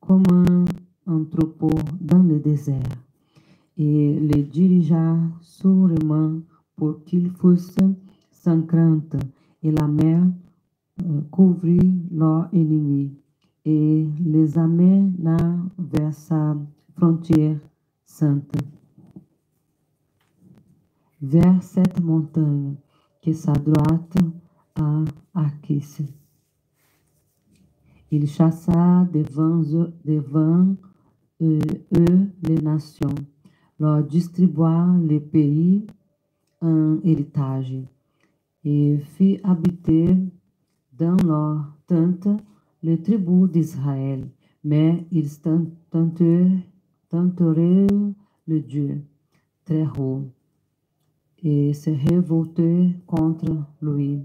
comme un entrepôt dans le désert et les dirigea sur mains pour qu'ils fussent sans crainte et la mer euh, couvrit leur e les amena vers sa frontière sainte, vers cette montagne que sa droite a acquise. Il chassa devant, devant eux, eux les nations, leur distribua les pays en héritage, et fit habiter dans leur tente les tribus d'Israël, mais ils tenteraient le Dieu très haut et se révoltaient contre lui,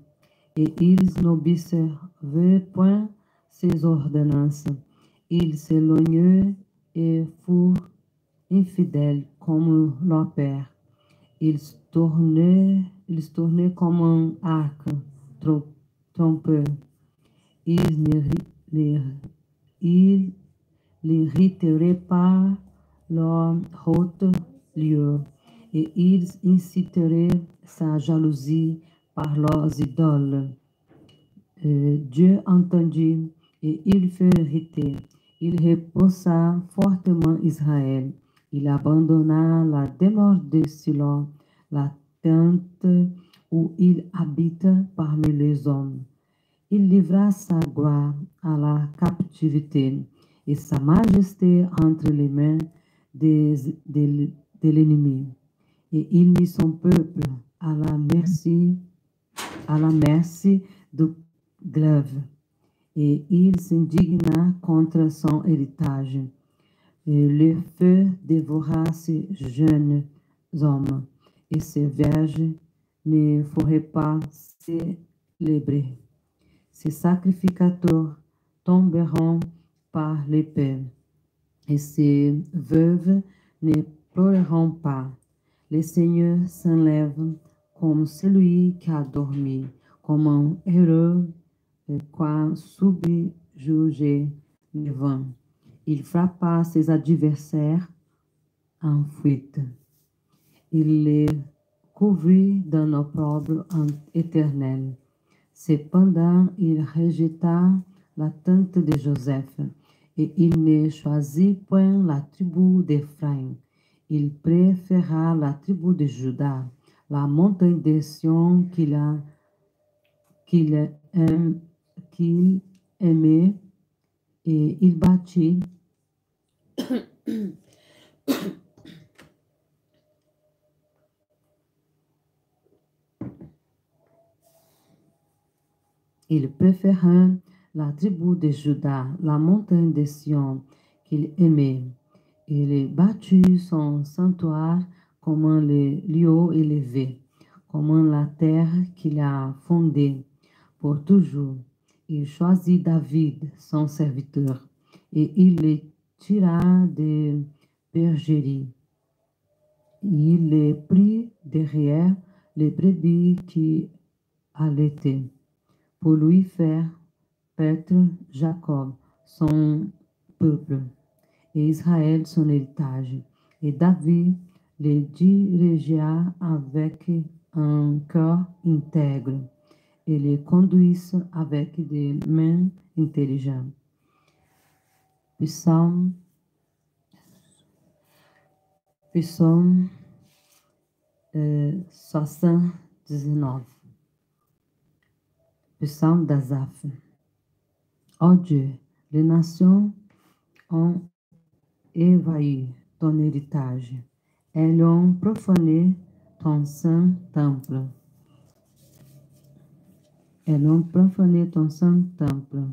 et ils n'observaient point ses ordonnances. Ils s'éloignaient et furent infidèles comme leur père. Ils tournèrent, ils tournaient comme un arc trompé ils les, par leur haute lieu, et ils inciteraient sa jalousie par leurs idoles. Euh, Dieu entendit et il fut irrité. Il repoussa fortement Israël. Il abandonna la demeure de silo la tente où il habite parmi les hommes. Il livra sa gloire à la captivité et sa majesté entre les mains des, de, l'ennemi. Et il mit son peuple à la merci, à la merci du glaive. Et il s'indigna contre son héritage. le feu dévora ses jeunes hommes, et ses vierges ne feraient pas célébrer. Ses sacrificateurs tomberont par l'épée, et ses veuves ne pleureront pas. Le Seigneur s'enlève comme celui qui a dormi, comme un héros quoi juger le vent. Il frappa ses adversaires en fuite. Il les couvrit d'un opprobre éternel. Cependant, il rejeta la tente de Joseph, et il ne choisit point la tribu d'Ephraim. Il préféra la tribu de Juda, la montagne de Sion qu'il a qu'il qu'il aimait, et il bâtit *coughs* *coughs* Il préféra la tribu de Juda, la montagne de Sion, qu'il aimait. Il battu son sanctuaire comme le lieu élevé, comme la terre qu'il a fondée pour toujours. Il choisit David, son serviteur, et il le tira de bergerie. Il le prit derrière les brebis qui allaitaient. por Louis Fer, Petro Jacob, son peuple, et Israel son héritage. Et David les dirigea avec un cœur intègre et les conduisit avec des mains intelligentes. Psalm, Psalm eh, 79 Le psaume d'Azaf. Oh Dieu, les nations ont évahi ton héritage. Elles ont profané ton saint temple. Elles ont profané ton saint temple.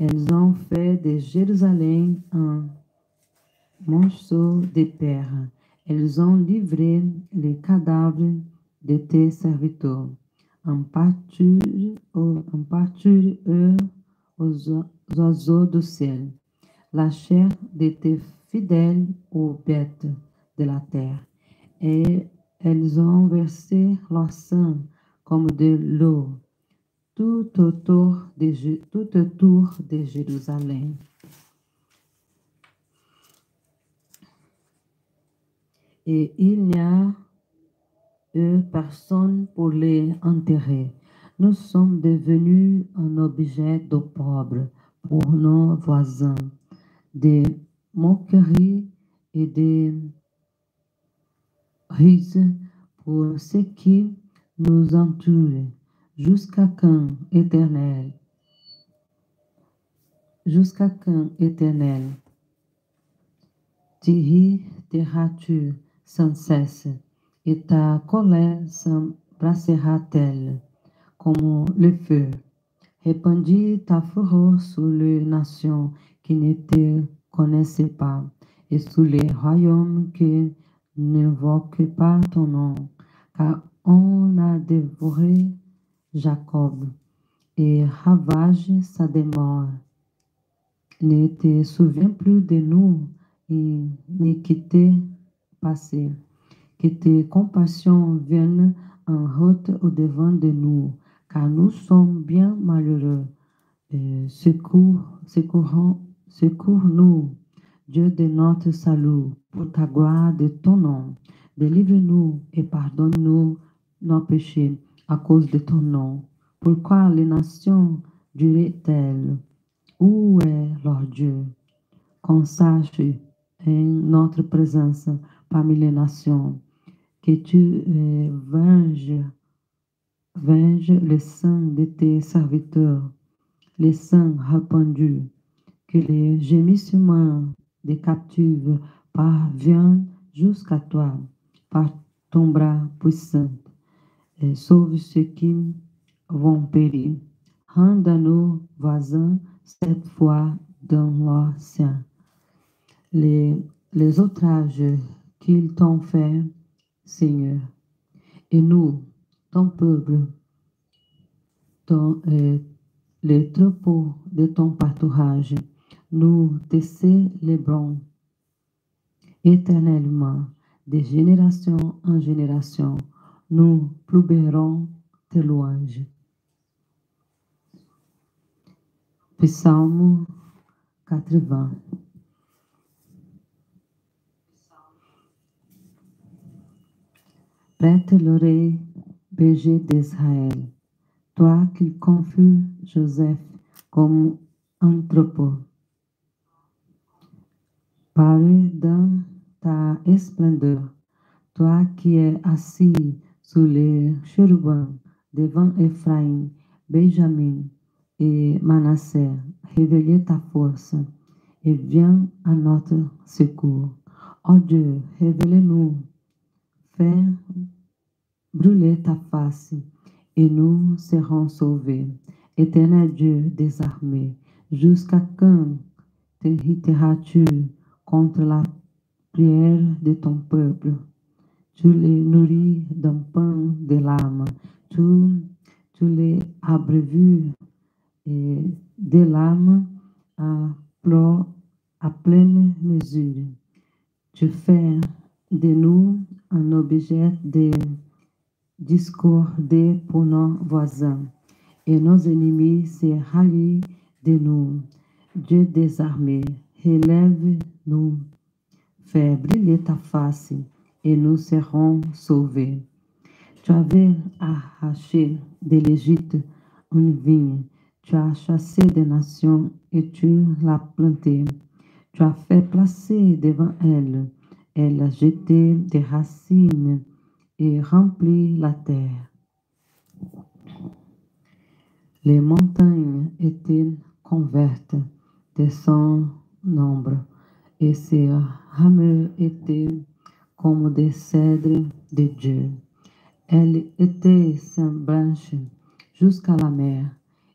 Elles ont fait de Jérusalem un monceau de terre. Elles ont livré les cadavres de tes serviteurs en pâture, aux, aux oiseaux du ciel, la chair de tes fidèles aux bêtes de la terre. Et elles ont versé leur sang comme de l'eau tout autour de, tout autour de Jérusalem. Et il y a deux personne pour les enterrer. Nous sommes devenus un objet d'opprobre pour nos voisins, des moqueries et des rises pour ceux qui nous entourent, jusqu'à quand éternel, jusqu'à quand éternel, Tu t'irriteras-tu sans cesse et ta colère s'embrassera-t-elle comme le feu. répandit ta fureur sur les nations qui ne te connaissaient pas et sur les royaumes qui n'invoquent pas ton nom, car on a dévoré Jacob et ravage sa demeure. Ne te souviens plus de nous, et ne iniquité passé et tes compassions viennent en route au-devant de nous, car nous sommes bien malheureux. secours, secours-nous, Dieu de notre salut, pour ta gloire de ton nom. Délivre-nous et pardonne-nous nos péchés à cause de ton nom. Pourquoi les nations diraient-elles Où est leur Dieu Qu'on sache en hein, notre présence parmi les nations que tu euh, venges, les le sang de tes serviteurs, les sang répandus que les gémissements des captives parviennent jusqu'à toi par ton bras puissant. Et sauve ceux qui vont périr. Rends à nos voisins cette fois dans l'océan. Les, les outrages qu'ils t'ont faits Seigneur. Et nous, ton peuple, ton, troupeau euh, les troupeaux de ton pâturage, nous te célébrons éternellement, de génération en génération. Nous plouberons tes louanges. Psalm 80 Prête-l'oreille, berger d'Israël, toi qui confie Joseph comme un troupeau. Parle dans ta esplendeur, toi qui es assis sous les chérubins devant Ephraim, Benjamin et Manassé, révélez ta force et viens à notre secours. oh Dieu, révèle-nous Fais brûler ta face et nous serons sauvés. Éternel Dieu des armées, jusqu'à quand t'irriteras-tu contre la prière de ton peuple? Tu les nourris d'un pain de l'âme. Tu, tu les abrévus de l'âme à, à pleine mesure. Tu fais de nous un objet de discorde pour nos voisins, et nos ennemis se rallient de nous. Dieu des relève-nous. Fais briller ta face, et nous serons sauvés. Tu avais arraché de l'Égypte une vigne, tu as chassé des nations et tu l'as plantée. Tu as fait placer devant elle elle jeté des racines et rempli la terre. Les montagnes étaient convertes de son nombre et ses rameurs étaient comme des cèdres de Dieu. Elle était sans branche jusqu'à la mer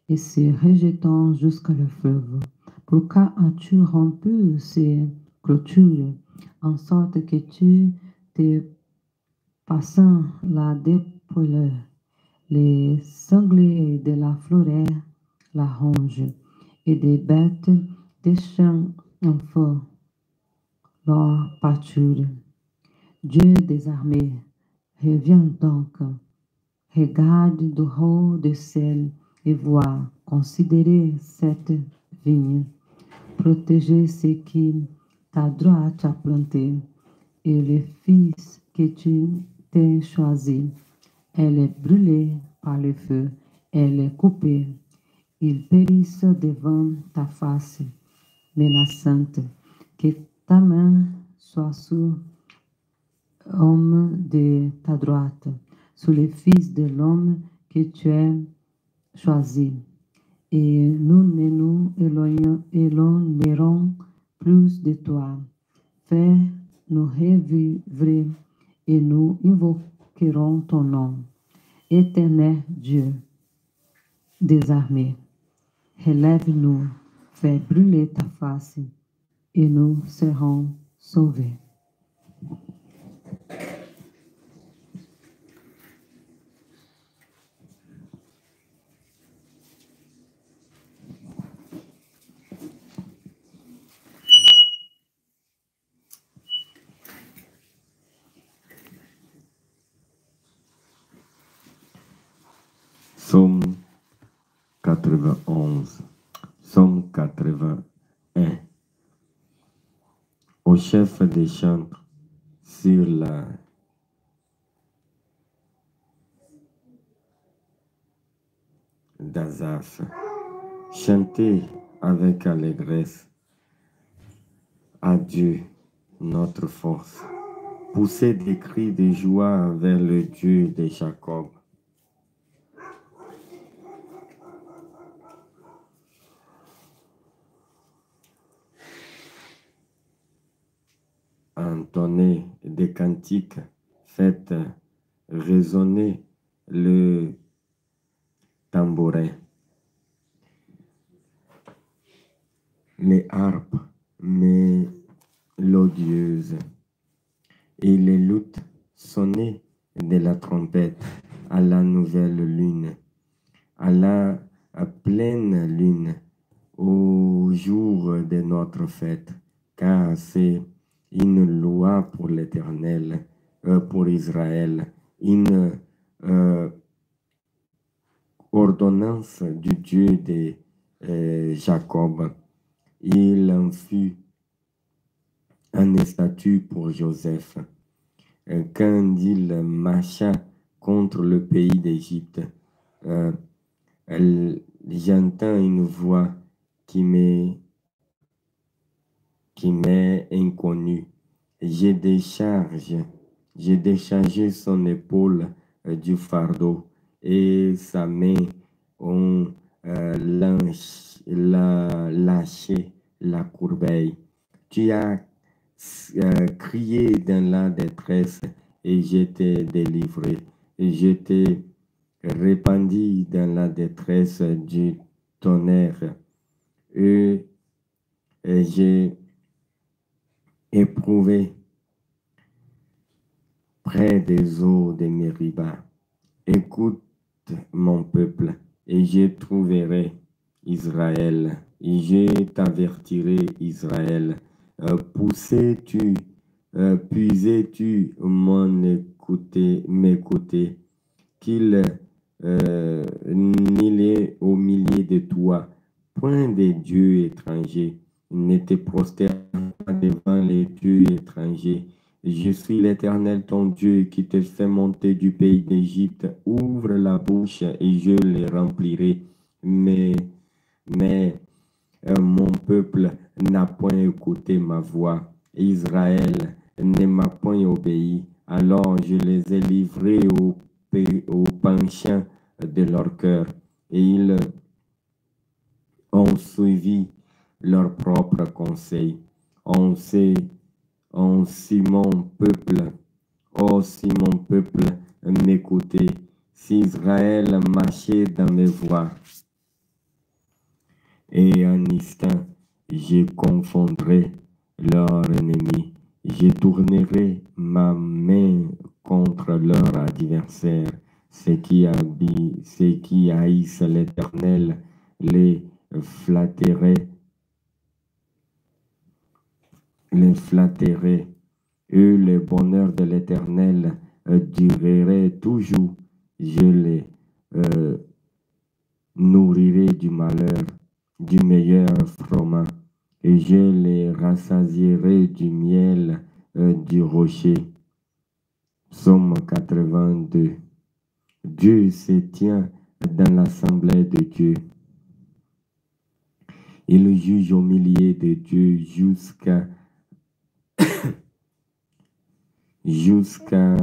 et se rejetant jusqu'à le fleuve. Pourquoi as-tu rompu ces clôtures en sorte que tu te passant la dépouille, les sangliers de la forêt la rongent, et des bêtes des champs en feu leur pâture. Dieu des armées, reviens donc, regarde du haut du ciel et vois, considérez cette vigne, protégez ce qui ta droite a planté, et le fils que tu t'es choisi. Elle est brûlée par le feu, elle est coupée. Il périssent devant ta face menaçante. Que ta main soit sur l'homme de ta droite, sur le fils de l'homme que tu as choisi. Et nous ne nous éloignerons plus de toi, faire nous revivre et nous invoquerons ton nom. Éternel Dieu, désarmé, relève-nous, fais brûler ta face et nous serons sauvés. Psaume 91. Psaume 81. Au chef des chants sur la d'Azas. Chantez avec allégresse à Dieu notre force. Poussez des cris de joie vers le Dieu de Jacob entonné des cantiques, faites résonner le tambourin, les harpes mélodieuses et les luttes sonnées de la trompette à la nouvelle lune, à la pleine lune, au jour de notre fête, car c'est une loi pour l'Éternel, euh, pour Israël, une euh, ordonnance du Dieu de euh, Jacob. Il en fut un statut pour Joseph quand il marcha contre le pays d'Égypte. J'entends une voix qui me qui m'est inconnu. J'ai déchargé, j'ai déchargé son épaule euh, du fardeau et sa main ont euh, la, lâché la courbeille. Tu as euh, crié dans la détresse et j'étais délivré. Et je t'ai répandu dans la détresse du tonnerre. et j'ai éprouvé près des eaux de Mériba. Écoute mon peuple, et je trouverai Israël, et je t'avertirai Israël. tu euh, puisais-tu euh, mon écouter, m'écouter, qu'il n'y euh, au milieu de toi point des dieux étrangers ne te devant les dieux étrangers. Je suis l'Éternel ton Dieu qui te fait monter du pays d'Égypte. Ouvre la bouche et je les remplirai. Mais, mais euh, mon peuple n'a point écouté ma voix. Israël ne m'a point obéi. Alors je les ai livrés au, penchant de leur cœur. Et ils ont suivi leur propre conseil on sait, si mon peuple, oh si mon peuple m'écoutait, si Israël marchait dans mes voies. Et en instant, je confondrai leur ennemi, je tournerai ma main contre leur adversaire, ceux qui, ceux qui haïssent l'Éternel, les flatterai les flatterai. et le bonheur de l'Éternel euh, durerait toujours. Je les euh, nourrirai du malheur, du meilleur froment, et je les rassasierai du miel euh, du rocher. Psaume 82. Dieu se tient dans l'assemblée de Dieu. Il juge au milieu de Dieu jusqu'à jusqu'à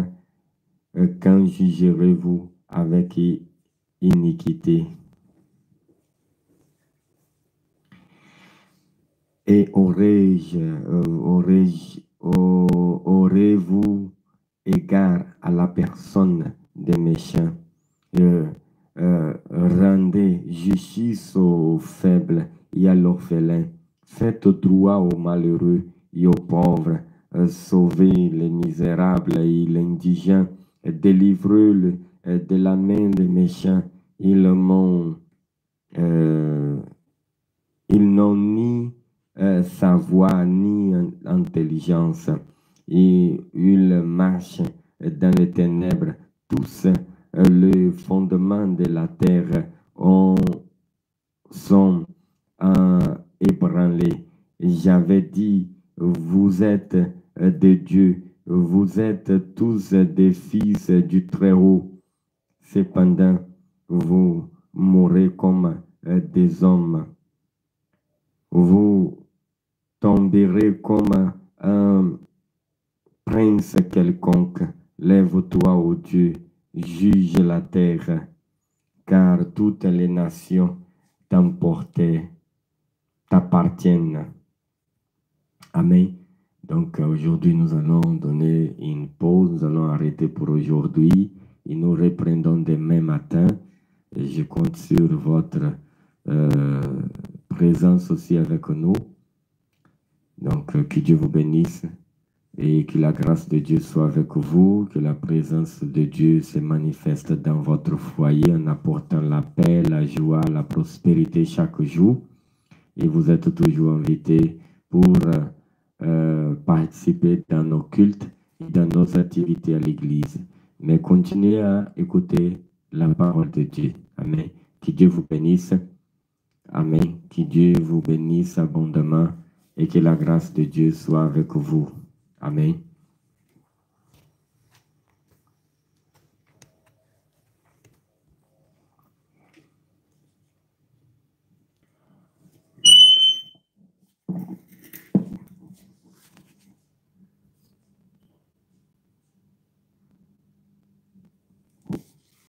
euh, quand jugerez-vous avec iniquité Et euh, aurez-vous égard à la personne des méchants euh, Rendez justice aux faibles et à l'orphelin. Faites droit aux malheureux et aux pauvres euh, sauver les misérables et l'indigent. Délivrez-le euh, de la main des méchants. Ils euh, n'ont ni sa savoir ni intelligence. Et ils marchent dans les ténèbres. Tous les fondements de la terre ont, sont ébranlés. J'avais dit vous êtes euh, des dieux, vous êtes tous des fils du Très-Haut. Cependant, vous mourrez comme euh, des hommes. Vous tomberez comme un prince quelconque. Lève-toi, ô Dieu, juge la terre, car toutes les nations t'emportaient, t'appartiennent. Amen. Donc euh, aujourd'hui, nous allons donner une pause, nous allons arrêter pour aujourd'hui et nous reprendons demain matin. je compte sur votre euh, présence aussi avec nous. Donc euh, que Dieu vous bénisse et que la grâce de Dieu soit avec vous, que la présence de Dieu se manifeste dans votre foyer en apportant la paix, la joie, la prospérité chaque jour. Et vous êtes toujours invités pour... Euh, participer dans nos cultes et dans nos activités à l'Église, mais continuez à écouter la parole de Dieu. Amen. Que Dieu vous bénisse. Amen. Que Dieu vous bénisse abondamment et que la grâce de Dieu soit avec vous. Amen.